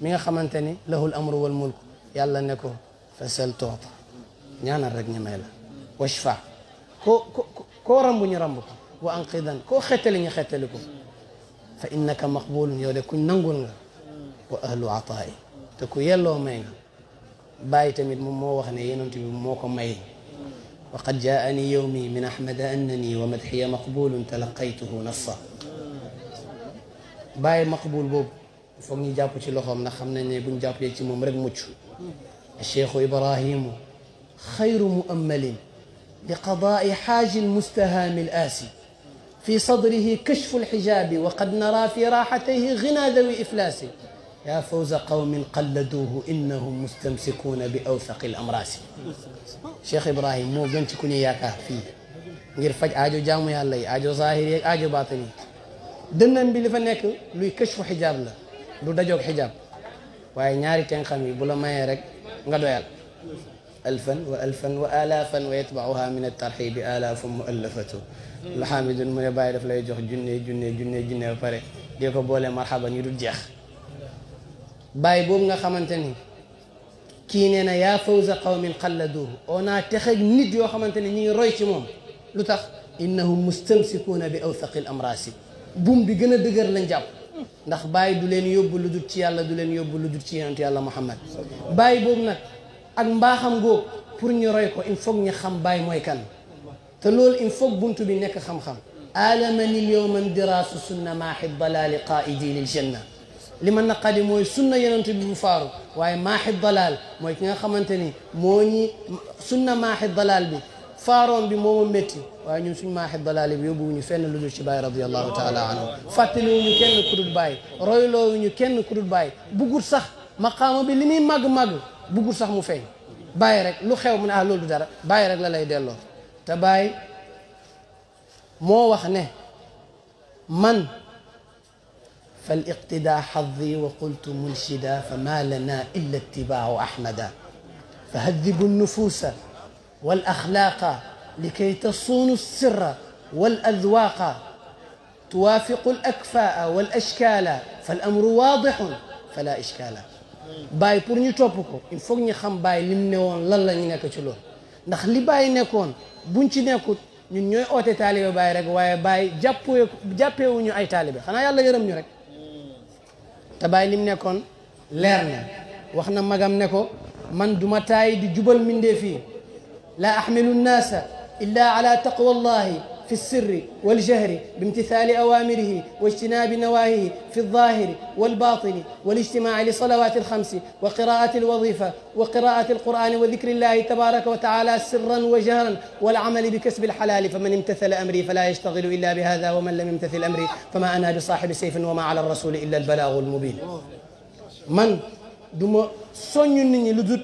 mi nga xamante ni lahu l amru wal mulk yàlla ne ko fasal toota ñaanal rek ñu may la washfa koo koo ramb ñu ramb ko wa anqidan koo xettali ñu xettali ko fa innaka maqbulun yow de kuñ nangul nga wa ahlu ataai te ku yelloo may nga bàyyi tamit moom moo wax ne yonent bi moo ko may wa qad jaani yowmi min ahmada annani wa madxiya maqbulun talaqaytuhu nassa bàyyi maqbul boobu foog ñu jàpp ci loxoom ndax xam nañ ne buñ jàppee ci moom rek mucc cheikhu ibrahimu خير مؤمل لقضاء حاج المستهام الآسي في صدره كشف الحجاب وقد نرى في راحتيه غنى ذوي إفلاس يا فوز قوم قلدوه إنهم مستمسكون بأوثق الأمراس شيخ إبراهيم مو بنت كوني ياكا فيه غير فجأة أجو جامو يا الله أجو ظاهري أجو باطني دنن بلي فنك لو كشف حجاب لا لو دجوك حجاب واي نياري تنخمي بلا ما يرك غدو يال ألفا وألفا وآلافا ويتبعها من الترحيب آلاف مؤلفة الحامد من باير فلا يجوخ جني جني جني جني فري ديكو بولي مرحبا نيرو جيخ باي بوم نغا خمانتني كي نينا يا فوز قوم قلدوه اونا تخيج نيت يو خمانتني ني روي سي موم لوتخ انهم مستمسكون باوثق الامراس بوم بي غنا دغر لا نجاب ناخ يوبو لودو تي يالا دولين يوبو لودو تي محمد باي بوم ak mbaaxam googu pour ñu roy ko il faut ñu xam baay mooy kan te loolu il faut buntu bi nekk xam-xam alamani lyowman diraasu sunna maaxib dalaali qaidi lil janna li ma naqadi mooy sunna yonent bi bu faaru waaye maaxib dalaal mooy ki nga xamante ni moo ñi sunna maaxib dalaal bi faaroon bi moo metti métti waaye ñun suñu maaxib dalaali bi yóbbuwuñu fenn lu dul ci baay radiallahu taala anhu fàttaliwuñu kenn ku baay royloowuñu kenn ku dul baay sax maqaama bi li muy màgg-màgg bugul sax mu feñ baye rek lu xew mu na ah, lolou dara baye rek la lay delo ta baye mo wax ne man فالاقتداء حظي وقلت منشدا فما لنا الا اتباع احمد فهذب النفوس والاخلاق لكي تصون السر والاذواق توافق الاكفاء والاشكال فالامر واضح فلا اشكال bàyyi pour ñu topp ko il faut ñu xam bàyyi lim ne woon lan la ñu nekk ci loolu ndax li bàyyi nekkoon buñ ci nekkut ñun ñooy oote taalibe bàyyi rek waaye bàyyi jàppee jàppeewuñu ay taalibe xanaa yàlla yërëm ñu rek te bàyyi lim nekkoon leer na wax na magam ne ko man duma taay di jubal mindee fii laa axmilu nnaasa في السر والجهر بامتثال أوامره واجتناب نواهيه في الظاهر والباطن والاجتماع لصلوات الخمس وقراءة الوظيفة وقراءة القرآن وذكر الله تبارك وتعالى سرا وجهرا والعمل بكسب الحلال فمن امتثل أمري فلا يشتغل إلا بهذا ومن لم يمتثل أمري فما أنا بصاحب سيف وما على الرسول إلا البلاغ المبين من دم سن ني لدود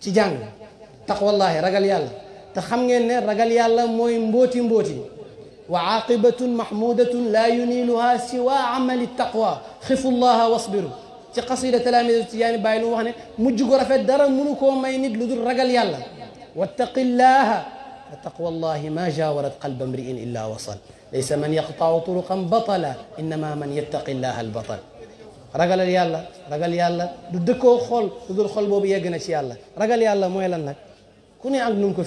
تي تقوى الله رجل يالله تخمين ген رجل يالله موي مبوتي مبوتي وعاقبة محمودة لا ينيلها سوى عمل التقوى خف الله واصبروا تقصيدة تلاميذ تيان بايلو وهنا مجغر في الدار منكو ما يند لدر رجل يالله واتق الله فتقوى الله ما جاورت قلب امرئ إلا وصل ليس من يقطع طرقا بطلا إنما من يتقي الله البطل رجل يالله رجل يالله ددكو خل ددر خل بوبي يجنش يالله رجل يالله مويلنك كوني عقل نمكو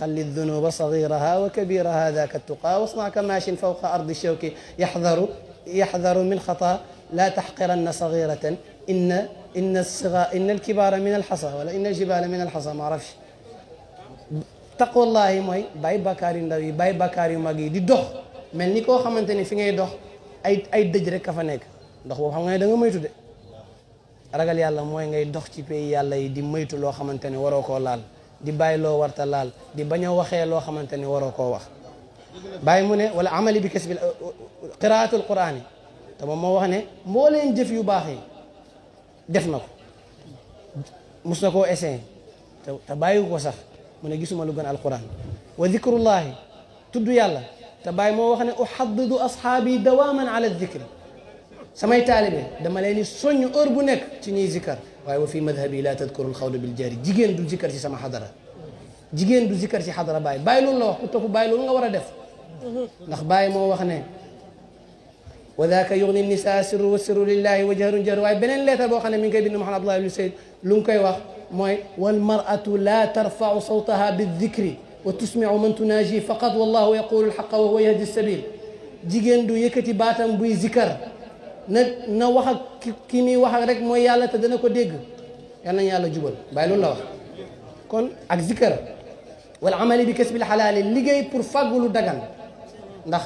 خلي الذنوب صغيرها وكبيرها ذاك التقى واصنع كماش فوق أرض الشوك يحذر يحذر من خطأ لا تحقرن صغيرة إن إن الصغاء إن الكبار من الحصى ولا إن الجبال من الحصى ما عرفش تقوى الله مي باي بكاري ندوي باي بكاري ماجي دي دوخ من نيكو خمنتني في غير دوخ أي أي دجرة كفنك دوخ وهم غير دعوة ميتود رجال يالله مي غير دوخ تبي يالله يدي ميتود لو خمنتني وراكوا الله di bàyyi loo warta lal di baña waxe lo xamanteni waro ko wax bay mu ne wala amali bi kasbil qiraatul quraan yi te moom moo wax ne mo len def yu baxé yi def na ko mus ta bayu ko sax mu ne gisuma lu gën alquran wa dhikrullah tuddu yàlla ta bay mo wax ne uhaddidu ashabi dawaman ala dhikr samay talibé dama leni soñu heure bu nek ci ñi zikkar واي وفي مذهبي لا تذكر الخول بالجاري جيجين دو ذكر سما حضرة جيجين دو ذكر سي حضرة باي باي لون لا واخ كنتو باي لون لا ورا ديف نخ باي مو واخ وذاك يغني النساء سر وسر لله وجهر جر واي بنين ليتا بو خني مين كاي محمد الله بن سيد لون كاي واخ موي والمرأة لا ترفع صوتها بالذكر وتسمع من تناجي فقط والله يقول الحق وهو يهدي السبيل جيجين دو يكتي باتم بوي ذكر na na wax ak ki muy wax ak rek mooy yàlla te dana ko dégg yal nañu yàlla jubal bàyyi loolu la wax kon ak zikkar wala amali bi kasbil xalaali liggéey pour fàggu lu dagan ndax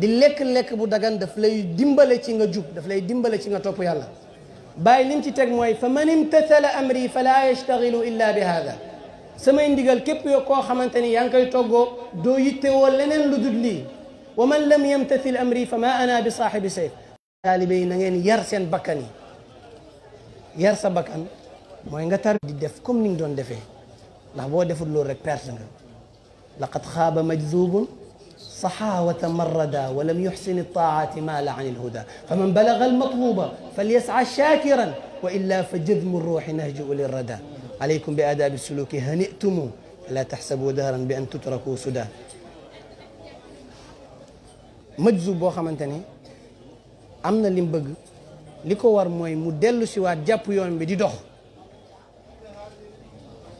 di lekk-lekk bu dagan daf lay dimbale ci nga jub daf lay dimbale ci nga topp yàlla bàyyi lim ci teg mooy fa man imtathala amri fala yastaxilu illa bi hada samay ndigal képp yoo koo xamante ni yaa ngi koy toggoo doo yittewoo leneen lu dul lii wa man lam yamtathil amri fa ma ana bi saaxibi sayf taalibe yi na ngeen yar seen bakkan yi yar sa bakkan mooy nga tar di def comme ni nga doon defee ndax boo deful loolu rek perte nga laqad xaaba majzubun صحاوة مردا ولم يحسن الطاعات مال عن الهدى فمن بلغ المطلوب فليسعى شاكرا وإلا فجذم الروح نهجئ للردى عليكم بآداب السلوك هنئتم لا تحسبوا دهرا بأن تتركوا سدى مجذوب بو تاني am na lim bëgg li ko war mooy mu dellu siwaat jàpp yoon bi di dox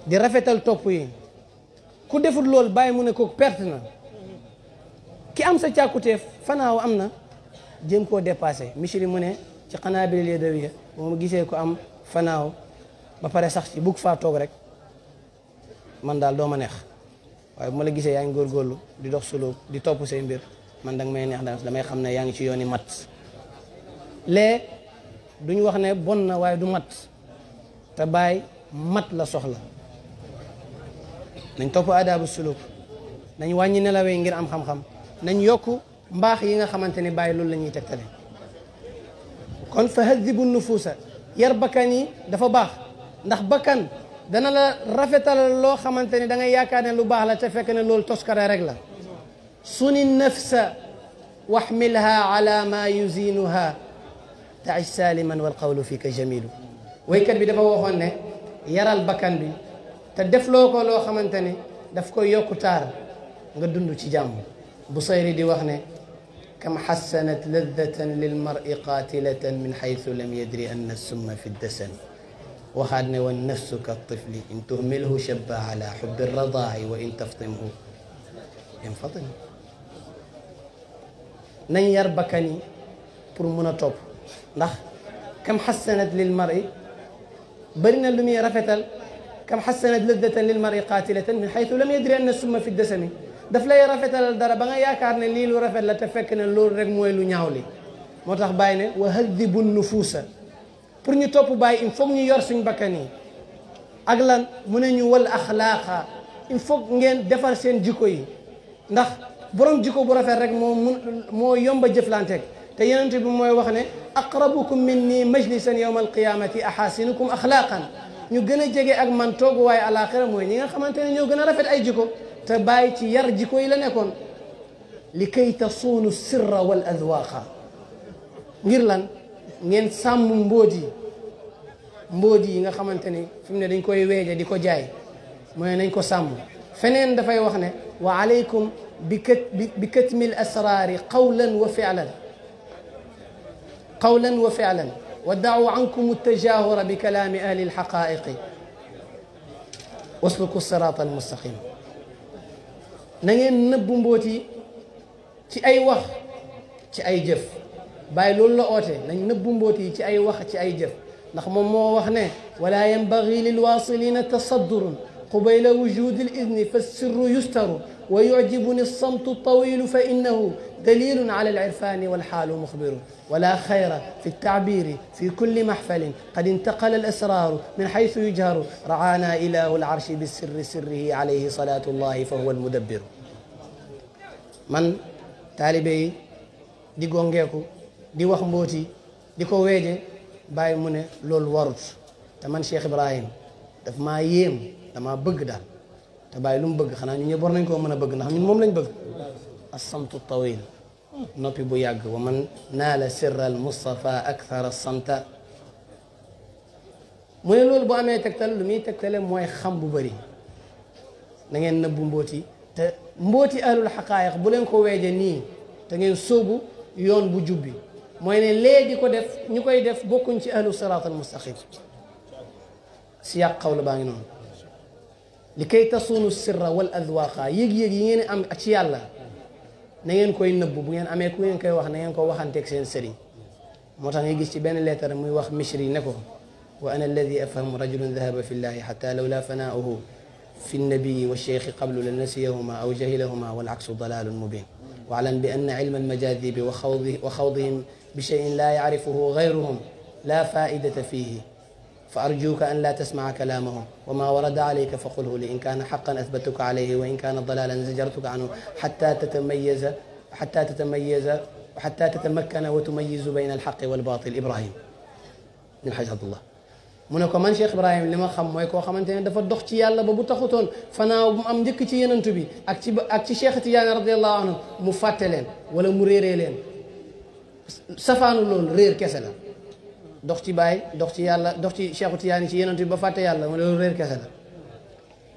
di rafetal topp yi ku defut lool bàyyi mu ne ko perte na ki am sa càkkuteef fanaaw am na jéem koo dépassé misiri mu ne ci xanaa bi lee dawiya ma gisee ko am fanaaw ba pare sax si bugg faa toog rek man daal doo ma neex waaye bu ma la gisee yaa ngi góorgóorlu di dox sulóog di topp say mbir man danga may neex daal damay xam ne yaa ngi ci yoon yi mat lee duñu wax ne bon na waaye du mat te baay mat la soxla nañ topp aadaabu suluk nañ wàññi nelawee ngir am xam-xam nañ yokk mbaax yi nga xamante ne bàyyi loolu la ñuy tegtale kon fa hadibu nufuusa yar bakkan yi dafa baax ndax bakkan dana la rafetal loo xamante ne da ngay yaakaar ne lu baax la te fekk ne loolu toskare rek la suni nafsa waxmilha ala ma yuzinuha ta'ish سالما والقول فيك جميل ويكد waykat bi dafa waxoon ne yaral bakkan bi te defloo ko loo xamante ne daf koy nga dund ci jàmm sayri di wax ne kam hasanat ladhatan lil mar'i qatilatan min haythu lam yadri anna summa fi ad dasan wa hadna wan nafsu ka tifli in tuhmilhu shabba ala hubb ar-radha'i wa in taftimhu infatim nañ yar pour muna top ndax kam hasanat lil mari barina na lu rafetal kam hasanat ladatan lil mari qatilatan min haythu lam yadri anna summa fi dasami daf lay rafetal dara ba nga yaakaar ne lii lu rafet la te fek ne loolu rek moy lu ñaaw motax bayne wa hadibu nufusa pour ñu top bàyyi il faut ñu yor suñ bakani ak lan mu ne ñu wal akhlaqa il faut ngeen defar seen jiko yi ndax borom jiko bu rafet rek mo mo yomba jeflantek te yonent bi mooy wax ne aqrabukum minni majlisan yawma alqiyamati ahasinukum axlaqan ñu gën a jege ak man tooguwaay alaxira mooy ñi nga xamante ne ñoo gën a rafet ay jiko te bàyyi ci yar jiko yi la nekkoon li kay tasuunu sirra wal adwaaqa ngir lan ngeen sàmm mbóot yi mbóot yi nga xamante ni fi mu ne dañ koy weeje di ko jaay mooy nañ ko sàmm feneen dafay wax ne wa alaykum bi kat bi katmi al asraari qawlan wa fi'lan قولا وفعلا ودعوا عنكم التجاهر بكلام أهل الحقائق واسلكوا الصراط المستقيم نين نب تي أي وخ تي أي جف باي لول لا أوتي نين نب تي أي وخ تي أي جف ndax moom ولا ينبغي للواصلين wala قبيل وجود الإذن فالسر يستر ويعجبني الصمت الطويل فإنه دليل على العرفان والحال مخبر ولا خير في التعبير في كل محفل قد انتقل الأسرار من حيث يجهر رعانا إله العرش بالسر سره عليه صلاة الله فهو المدبر من طالبي دي غونغيكو دي واخ دي كو باي مني لول lool تمن شيخ ابراهيم Cheikh ما ييم maa yéem dama تباي لوم بغ خنا ني بور نانكو مانا بغ ناخ نين موم لاني بغ الصمت الطويل نوبي بو ياغ ومن نال سر المصطفى اكثر الصمت موي لول بو امي تكتال لو مي تكتال موي خام بو بري نانين نبو مبوتي ت مبوتي اهل الحقائق بو لنكو ويجي ني تا نين سوبو يون بو جوبي موي ني لي ديكو ديف نيكاي ديف بوكون سي اهل الصراط المستقيم سياق قول باغي نون لكي تصونوا السر والأذواق يجي يجين يعني أم أشياء الله نين كوي نبو بين أم يكوين كوي وح نين كوي وح نتكسين سري مرتان يجي تبين الله ترى مي وح مشري نكو وأنا الذي أفهم رجل ذهب في الله حتى لولا فناؤه في النبي والشيخ قبل لنسيهما أو جهلهما والعكس ضلال مبين واعلم بأن علم المجاذيب وخوضه وخوضهم بشيء لا يعرفه غيرهم لا فائدة فيه فأرجوك أن لا تسمع كلامه وما ورد عليك فقله لي إن كان حقا أثبتك عليه وإن كان ضلالا زجرتك عنه حتى تتميز حتى تتميز وحتى تتمكن وتميز بين الحق والباطل إبراهيم من حاجة الله منكم من شيخ إبراهيم لما خم ويكو خم أنت دفع دختي يلا ببوت خطون فنا أم تي ينتبي أكتي أكتي شيخ تيان رضي الله عنه مفتلين ولا مريرين سفان لون رير كسلان dox ci baay dox ci yàlla dox ci yaa Tiyaani ci yeneen bi ba fàtte yàlla mu ne loolu réer kese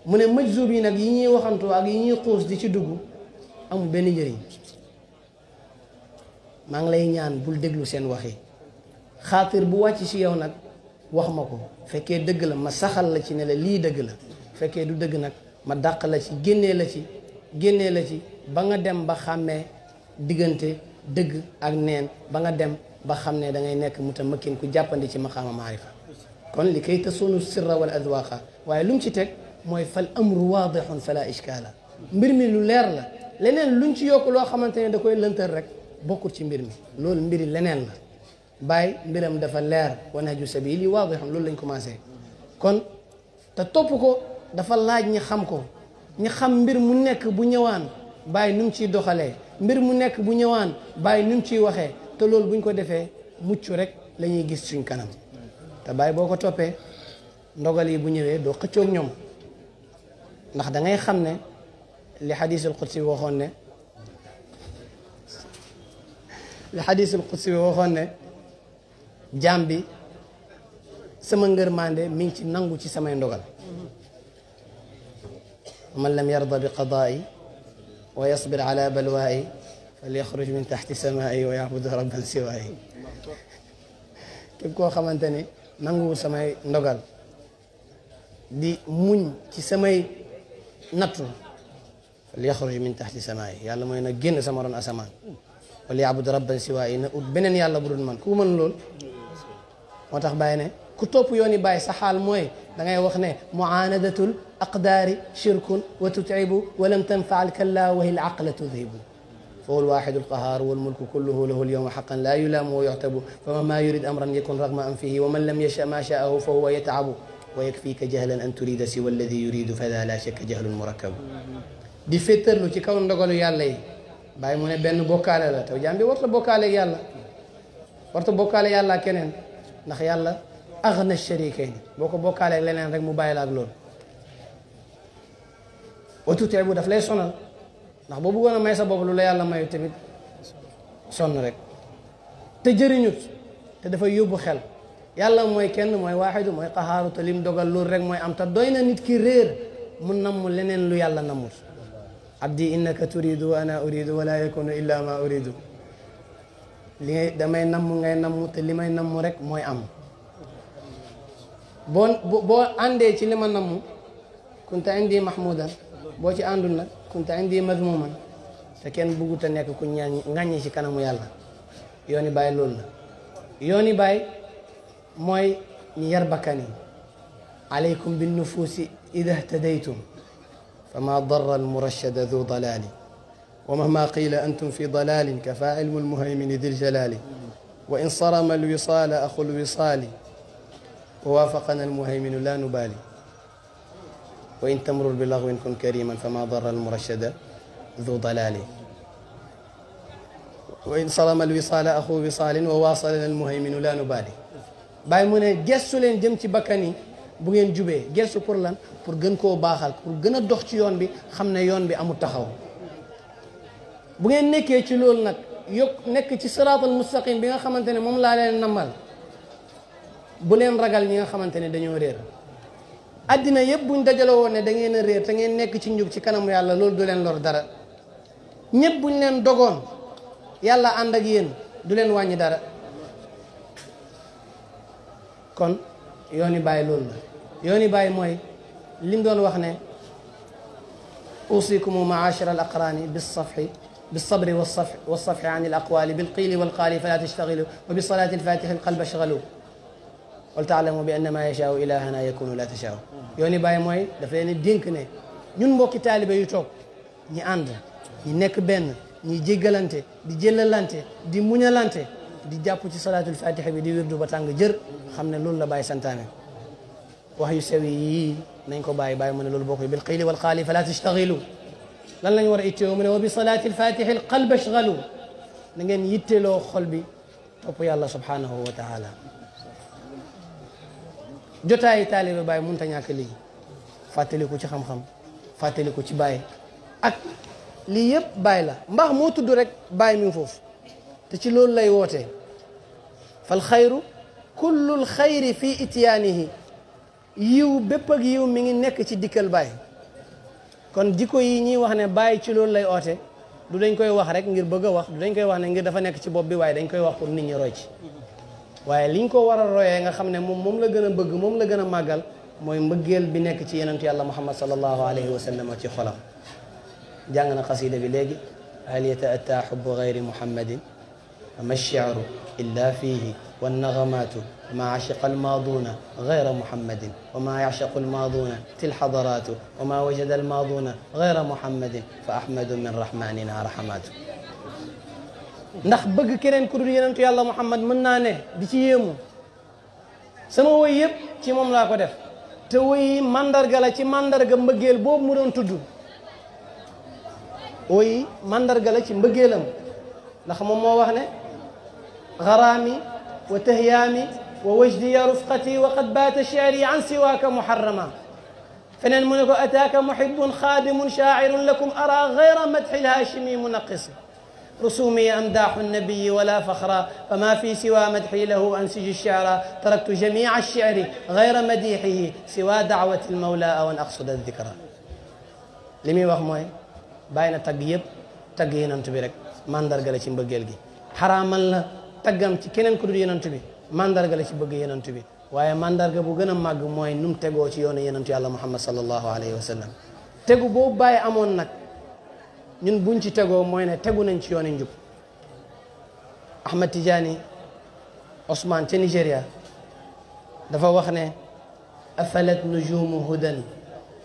mu ne majzuub yi nag yi ñuy waxantoo ak yi ñuy xuus di ci dugg amul benn njëriñ maa ngi lay ñaan bul déglu seen wax yi xaatir bu wàcc ci yow nag wax ma ko fekkee dëgg la ma saxal la ci ne la lii dëgg la fekkee du dëgg nag ma dàq la ci génnee la ci génnee la ci ba nga dem ba xàmmee diggante dëgg ak neen ba nga dem ba xam ne da ngay nekk mutamakkin ku jàppandi ci maqaama maarifa kon li kay tasunu sirra wal adwaqa waaye lu mu ci teg mooy fal amru waadixun fala ishkaala mbir mi lu leer la leneen luñ ci yokk loo xamante ne da koy lëntal rek bokkul ci mbir mi loolu mbiri leneen la bàyyi mbiram dafa leer wa nahju sabili waadixun loolu lañ commencé kon te topp ko dafa laaj ñi xam ko ñi xam mbir mu nekk bu ñëwaan bàyyi nu mu ciy doxalee mbir mu nekk bu ñëwaan bàyyi nu mu ciy waxee te loolu buñ ko defee mucc rek la ñuy gis suñ kanam te bàyyi boo ko toppee ndogal yi bu ñëwee doo xëccoog ñoom ndax da ngay xam ne li xadiisul xudsi bi waxoon ne li xadiisul xudsi bi waxoon ne jaam bi sama ngërmande mi ngi ci nangu ci samay ndogal man lam yarda bi qadaa'i wa yasbir ala balwaa'i فليخرج من تحت سمائي ويعبد ربا سواي كيف كو خمانتني نانغو سماي ندوغال دي مون تي سماي ناتو فليخرج من تحت سمائي يالا موي نا ген سمارون اسمان وليعبد ربا سواي نا اوت بنين يالا بودون مان كو من لول موتاخ باي ني كو توپ يوني باي سحال موي دا ngay واخ ني معانده الاقدار شرك وتتعب ولم تنفع الكلا وهي العقل تذهب فهو الواحد القهار والملك كله له اليوم حقا لا يلام ويعتب فمهما يريد امرا يكن رغم انفه ومن لم يشاء ما شاءه فهو يتعب ويكفيك جهلا ان تريد سوى الذي يريد فذا لا شك جهل مركب دي فيتر لو تي كاون دغول باي مون بن بوكال لا تو جامبي ورت بوكال يالا ورت بوكال يالا كينن نخ يالا اغنى الشريكين بوكو بوكال لنين رك مو بايلاك لول وتتعبوا دفلي سونال ndax boo bëggoon a may sa bopp lu la yàlla may tamit sonn rek te jëriñut te dafa yóbbu xel yàlla mooy kenn mooy waaxidu mooy qaxaaru te lim dogal loolu rek mooy am ta doy na nit ki réer mu namm leneen lu yàlla nammul abdi innaka turidu wa ana uridu wala yakunu illa ma uridu li ngay damay namm ngay namm te li may namm rek mooy am boo boo àndee ci li ma namm kunta indi mahmudan boo ci àndul nag كنت عندي مذموما فكان بوغوت نيك كو نياني سي كانامو يالا يوني باي لول يوني باي موي ني يربكاني عليكم بالنفوس اذا اهتديتم فما ضر المرشد ذو ضلال ومهما قيل انتم في ضلال كفى علم المهيمن ذي الجلال وان صرم الوصال اخو الوصال ووافقنا المهيمن لا نبالي وإن تمر بلغو كن كريما فما ضر المرشد ذو ضلال وإن صرم الوصال أخو وصال وواصل المهيمن لا نبالي باي مونا جسو لين جمتي بكاني بوين جوبي جسو بور لان بور غن كو باخال بور غن يون بي خمنا يون بي امو تاخاو بوين نيكي تي نك يوك نيك تي صراط المستقيم بيغا خامتاني موم لين نمال بولين راغال نيغا خامتاني دانيو رير adina yeb buñ dajalo woné da ngeen a réer da ngeen nek ci ñub ci kanam yàlla lool du len lor dara ñeb buñ len dogon yàlla ànd ak yéen du len wañi dara kon yoni bay lool la yoni bay moy lim doon wax ne ma'ashara al-aqrani bis-safhi بالصبر والصفح والصفح عن الأقوال بالقيل والقال فلا تشتغلوا وبصلاة الفاتح القلب اشغلوا ولتعلموا بأن ما يشاء إلهنا يكون لا تشاء yooni bàyyi mooy daf leen dénk ne ñun mbokki taalibe yu toog ñi ànd ñi nekk benn ñi jéggalante di jëlalante di muñalante di jàpp ci salaatul fatiha bi di wirdu ba tàng jër xam ne loolu la bàyyi santaane wax yu sew yi nañ ko bàyyi bàyyi mu ne loolu bokk bil qiili wal qaali fala tashtagilu lan lañ war a itteewoo mu ne wa bi salaatil fatihi al qalb ashgalu na ngeen yitteeloo xol bi topp yàlla subhanahu wa taala jotaayi taalibe Baay mënut a ñàkk léegi fàttaliku ci xam-xam fàttaliku ci Baay ak lii yëpp Baay la mbaax moo tudd rek Baay mi foofu te ci loolu lay wootee fal xayru kullul xayri fii ityaanihi yiw bépp ak yiw mi ngi nekk ci dikkal Baay kon jikko yi ñuy wax ne Baay ci loolu lay woote du dañ koy wax rek ngir bëgg a wax du dañ koy wax ne ngir dafa nekk ci bopp bi waaye dañ koy wax pour nit ñi roy ci waaye li ko war a royee nga xam ne moom moom la gën a bëgg moom la gën a màggal mooy mbëggeel bi nekk ci yenentu yàlla muhammad sallallahu alayhi wa sallam ci xolam jàng na xasida bi léegi hal yataattaa xubbu gayri muhammadin ama shiru illa fihi wannagamaatu ma achiqa almaaduuna gayra muhammadin wa ma yachaqu almaaduuna til xadaraatu wa ma wajada almaaduuna gayra muhammadin fa ahmadu min rahmanina rahmaatu ndax bëgg keneen ku dul yonentu yàlla muhammad mën naa ne di ci yéemu sama way yëpp ci moom laa ko def te woy mandarga la ci mandarga mbëggeel boobu mu doon tudd woy mandarga la ci mbëggeelam ndax moom moo wax ne xaraami wa tahyaami wa wajdi ya rufqati wa qad baata shaari an siwaaka muharrama feneen mu ne ko ataaka muhibbun xaadimun shaacirun lakum ara gayra madxil haashimi munaqisi رسومي أمداح النبي ولا فخرا فما في سوى مدحي له أنسج الشعر تركت جميع الشعر غير مديحه سوى دعوة المولى أو أن أقصد الذكرى لمي وهمي باين تقيب تقيين أنت برك ما ندر قلت بقلقي حرام الله تقام تكينن كدر ينن تبي ما ندر قلت بقي ينن تبي وايا ما ندر قبو غنم مقموين نمتقو تيوني ينن الله محمد صلى الله عليه وسلم تقو بوباي أمونك ñun buñ ci tegoo mooy ne tegu nañ ci yoonu njub Ahmad Tidiane Ousmane ca Nigéria dafa wax ne afalat nujumu hudan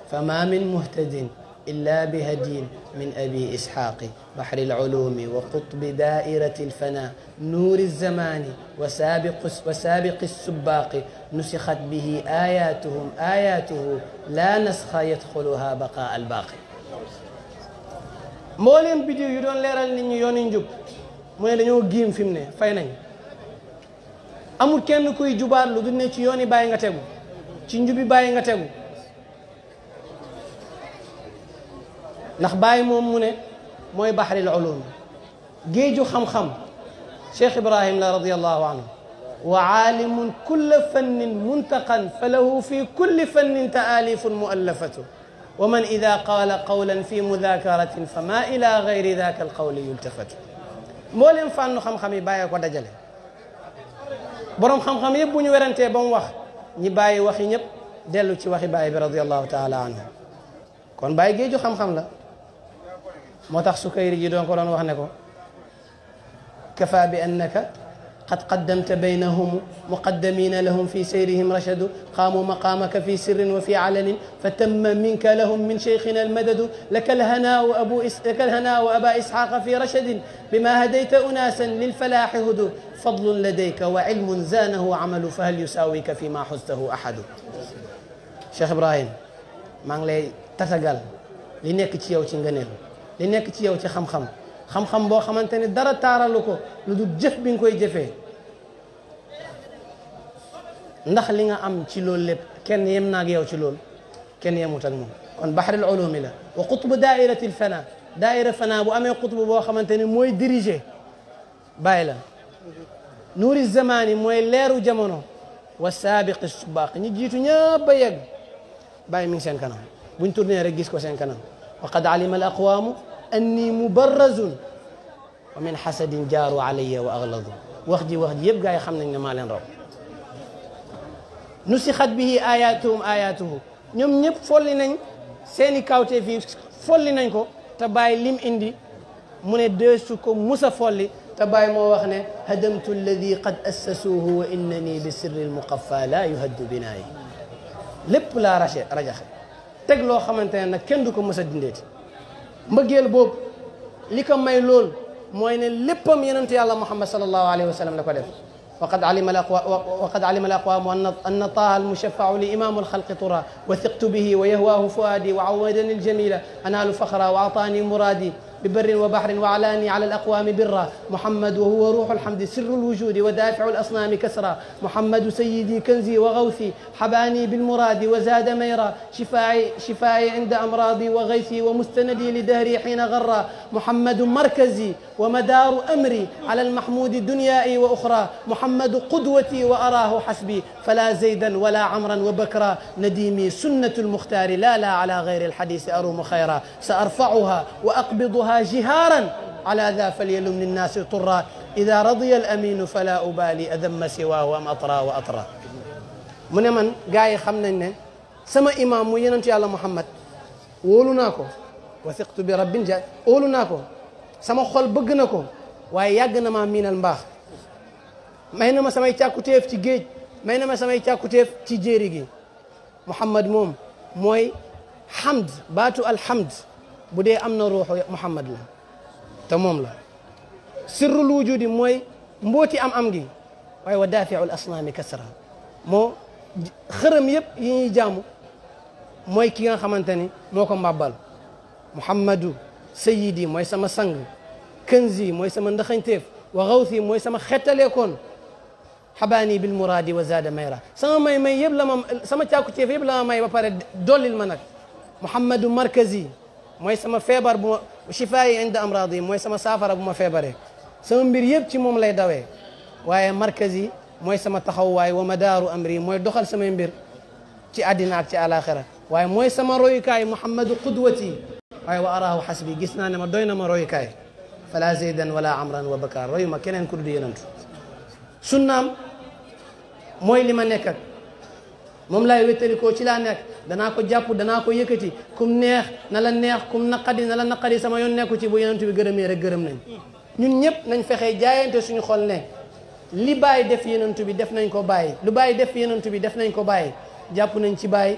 fa ma min muhtadin إلا بهدي من أبي إسحاق بحر العلوم وقطب دائرة الفناء نور الزمان وسابق, وسابق السباق نسخت به آياتهم آياته لا نسخ يدخلها بقاء الباقي مولين بديو يدون ليرال نين يوني نجوب مولين دانيو غيم فيم ني فاي ناني امول كين كوي جوبار لو دون ني يوني باي nga تيغو تي نجوبي باي nga تيغو نخ باي موم مو ني موي بحر العلوم جيجو خم خم شيخ ابراهيم لا رضي الله عنه وعالم كل فن منتقا فله في كل فن تآليف مؤلفته ومن إذا قال قولا في مذاكرة فما إلى غير ذاك القول يلتفت مولم فانو خم خمي باي كو داجالي بروم خم خمي بو ني ورانتي بام واخ ني باي واخي نيب ديلو واخي باي رضي الله تعالى عنه كون باي جيجو خم خم لا موتاخ سكيري جي دون كو دون واخ كفى بانك قد قدمت بينهم مقدمين لهم في سيرهم رشد قاموا مقامك في سر وفي علن فتم منك لهم من شيخنا المدد لك الهنا وأبو إس... لك الهنا وأبا إسحاق في رشد بما هديت أناسا للفلاح هدو فضل لديك وعلم زانه عمل فهل يساويك فيما حزته أحد شيخ إبراهيم مانغلي ngi lay tatagal li nekk ci yow ci xam-xam boo xamante ne dara taaralu ko lu dul jëf bi nga koy jëfee ndax li nga am ci loolu lépp kenn yem naag yow ci loolu kenn yemut ak moom kon baxril ulumi la wa qutbu daairati lfana daaira fana bu amee qutb boo xamante ne mooy diriger bàyyi la nuuri zamani mooy leeru jamono wa saabiqi subaq ñi jiitu ñëpp ba yegg bàyyi mi ngi seen kanam buñ tourné rek gis ko seen kanam wa qad alima al aqwamu أني مبرز ومن حسد جاروا علي وأغلظوا وخدي وخدي يبقى يخمن إن ما رب نسخت به آياتهم آياته نم نيب فولي نن سيني كاوتي في فولي ننكو تباي لم اندي من دوسكو موسى فولي تباي ما وخنا هدمت الذي قد أسسوه وإنني بسر المقفى لا يهد بنائي لب لا رجح تقلو خمنتين نكندكو موسى دنديتي mbeugel bob li may lol moy ne léppam yonent yàlla muhammad sallallahu alayhi wa sallam la ko def وقد علم الأقوام وقد علم الأقوام أن أن طه المشفع لإمام الخلق طرى وثقت به ويهواه فؤادي وعودني الجميلة أنال فخرا وأعطاني مرادي ببر وبحر وعلاني على الأقوام برا محمد وهو روح الحمد سر الوجود ودافع الأصنام كسرا محمد سيدي كنزي وغوثي حباني بالمراد وزاد ميرا شفاعي, شفاعي عند أمراضي وغيثي ومستندي لدهري حين غرا محمد مركزي ومدار أمري على المحمود دنيائي وأخرى محمد قدوتي وأراه حسبي فلا زيدا ولا عمرا وبكرا نديمي سنة المختار لا لا على غير الحديث أروم خيرا سأرفعها وأقبضها جهارا على ذا فليلم الناس طرا إذا رضي الأمين فلا أبالي أذم سواه أم أطرى وأطرى من من قاي خمنا إنه سما إمام ويننت على محمد wóolu وثقت برب جاء bi سما خل بقناكو naa ko sama xol bëgg na ko waaye yàgg na maa ماينما سامي تا كوتيف تي جيريغي محمد موم موي حمد باتو الحمد بودي امنا روح محمد لا تموم لا سر الوجود موي مبوتي ام امغي واي ودافع الاصنام كسرا مو خرم ييب يي جامو موي كيغا خامتاني موكو مبال محمد سيدي موي سما سانغ كنزي موي سما ندخنتيف وغوثي موي سما خيتاليكون habani bil muradi wa zada mayra sama may may yëpp la ma sama càkkutéef yëpp la ma may ba pare dollil ma nag muhammadu markazi mooy sama feebar bu ma shifaayi inda amraadi mooy sama saafara bu ma feebaree sama mbir yëpp ci moom lay dawee waaye markazi mooy sama taxawwaay wa madaaru amri mooy doxal samay mbir ci àddina ak ci àlaaxira waaye mooy sama royukaay muhammadu qudwati waaye wa araahu xasbi gis naa ne ma doy na ma royukaay fala zaydan wala amran wa bakar royu ma keneen ku dul yonantu su naam mooy li ma nekk moom laay wéttalikoo ci laa nekk danaa ko jàpp danaa ko yëkkati kum neex na la neex kum naqadi na la naqadi sama yoon nekku ci bu yonent bi gërëmee rek gërëm nañ ñun ñëpp nañ fexee jaayante suñu xol ne li bàyyi def yonent bi def nañ ko bàyyi lu bàyyi def yonent bi def nañ ko bàyyi jàpp nañ ci bàyyi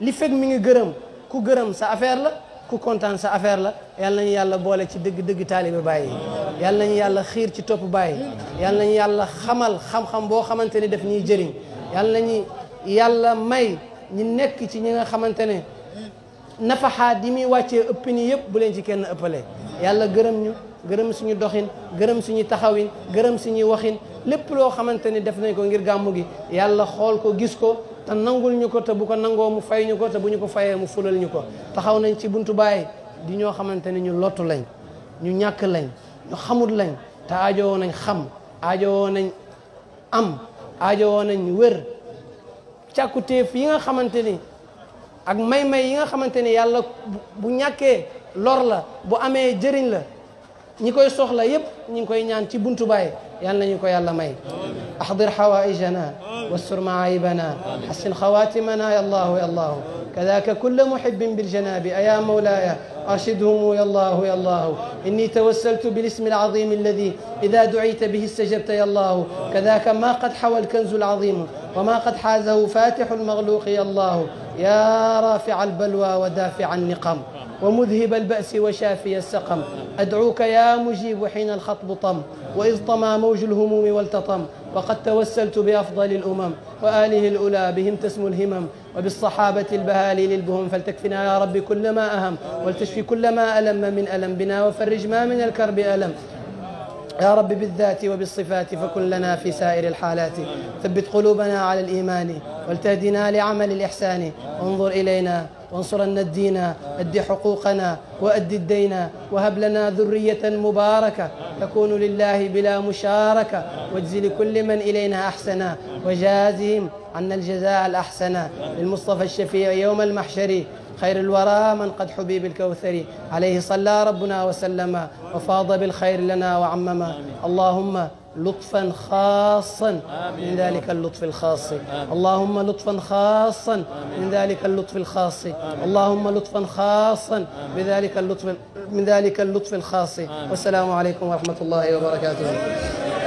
li fekk mi ngi gërëm ku gërëm sa affaire la ku kontaan sa affaire la na nañu yàlla boole ci dëgg dëgg taalibe bàyyi yal nañu yàlla xiir ci topp bàyyi yal nañu yàlla xamal xam-xam boo xamante ne def ñuy jëriñ yal nañu yàlla may ñi nekk ci ñi nga xamante ne nafaxaat yi muy wàccee ëpp ni yëpp bu leen ci kenn ëppale yàlla gërëm ñu gërëm suñu doxin gërëm suñu taxawin gërëm suñuy waxin lépp loo xamante ni def nañ ko ngir gàmmu gi yàlla xool ko gis ko te nangul ñu ko te bu ko nangoo mu fay ñu ko te bu ñu ko fayee mu fulal ñu ko taxaw nañ ci buntu baay di ñoo xamante ne ñu lottu lañ ñu ñàkk lañ ñu xamut lañ te aajowoo nañ xam aajowoo nañ am aajowoo nañ wér càkkutéef yi nga xamante ni ak may-may yi nga xamante ni yàlla bu ñàkkee lor la bu amee jëriñ la ñi koy soxla yépp ñu ngi koy ñaan ci buntu baay يلا نيكو يلا yàlla أحضر حوائجنا واستر معايبنا حسن خواتمنا يا الله يا الله كذاك كل محب بالجناب أيا مولاي أرشدهم يا الله يا الله إني توسلت بالاسم العظيم الذي إذا دعيت به استجبت يا الله كذاك ما قد حوى الكنز العظيم وما قد حازه فاتح المغلوق يا الله يا رافع البلوى ودافع النقم ومذهب البأس وشافي السقم أدعوك يا مجيب حين الخطب طم وإذ طمى موج الهموم والتطم وقد توسلت بأفضل الأمم وآله الأولى بهم تسمو الهمم وبالصحابة البهاليل البهم فلتكفنا يا رب كل ما أهم ولتشفي كل ما ألم من ألم بنا وفرج ما من الكرب ألم يا رب بالذات وبالصفات فكن لنا في سائر الحالات ثبت قلوبنا على الإيمان ولتهدنا لعمل الإحسان وانظر إلينا وانصر لنا الدين أد حقوقنا وأد الدين وهب لنا ذرية مباركة تكون لله بلا مشاركة واجزي لكل من إلينا أحسن وجازهم عنا الجزاء الأحسن للمصطفى الشفيع يوم المحشر خير الورى من قد حبي بالكوثر عليه صلى ربنا وسلم وفاض بالخير لنا وعمما اللهم لطفا خاصا من ذلك اللطف الخاص آمين. اللهم لطفا خاصا من ذلك اللطف الخاص اللهم لطفا خاصا بذلك اللطف من ذلك اللطف الخاص والسلام عليكم ورحمة الله وبركاته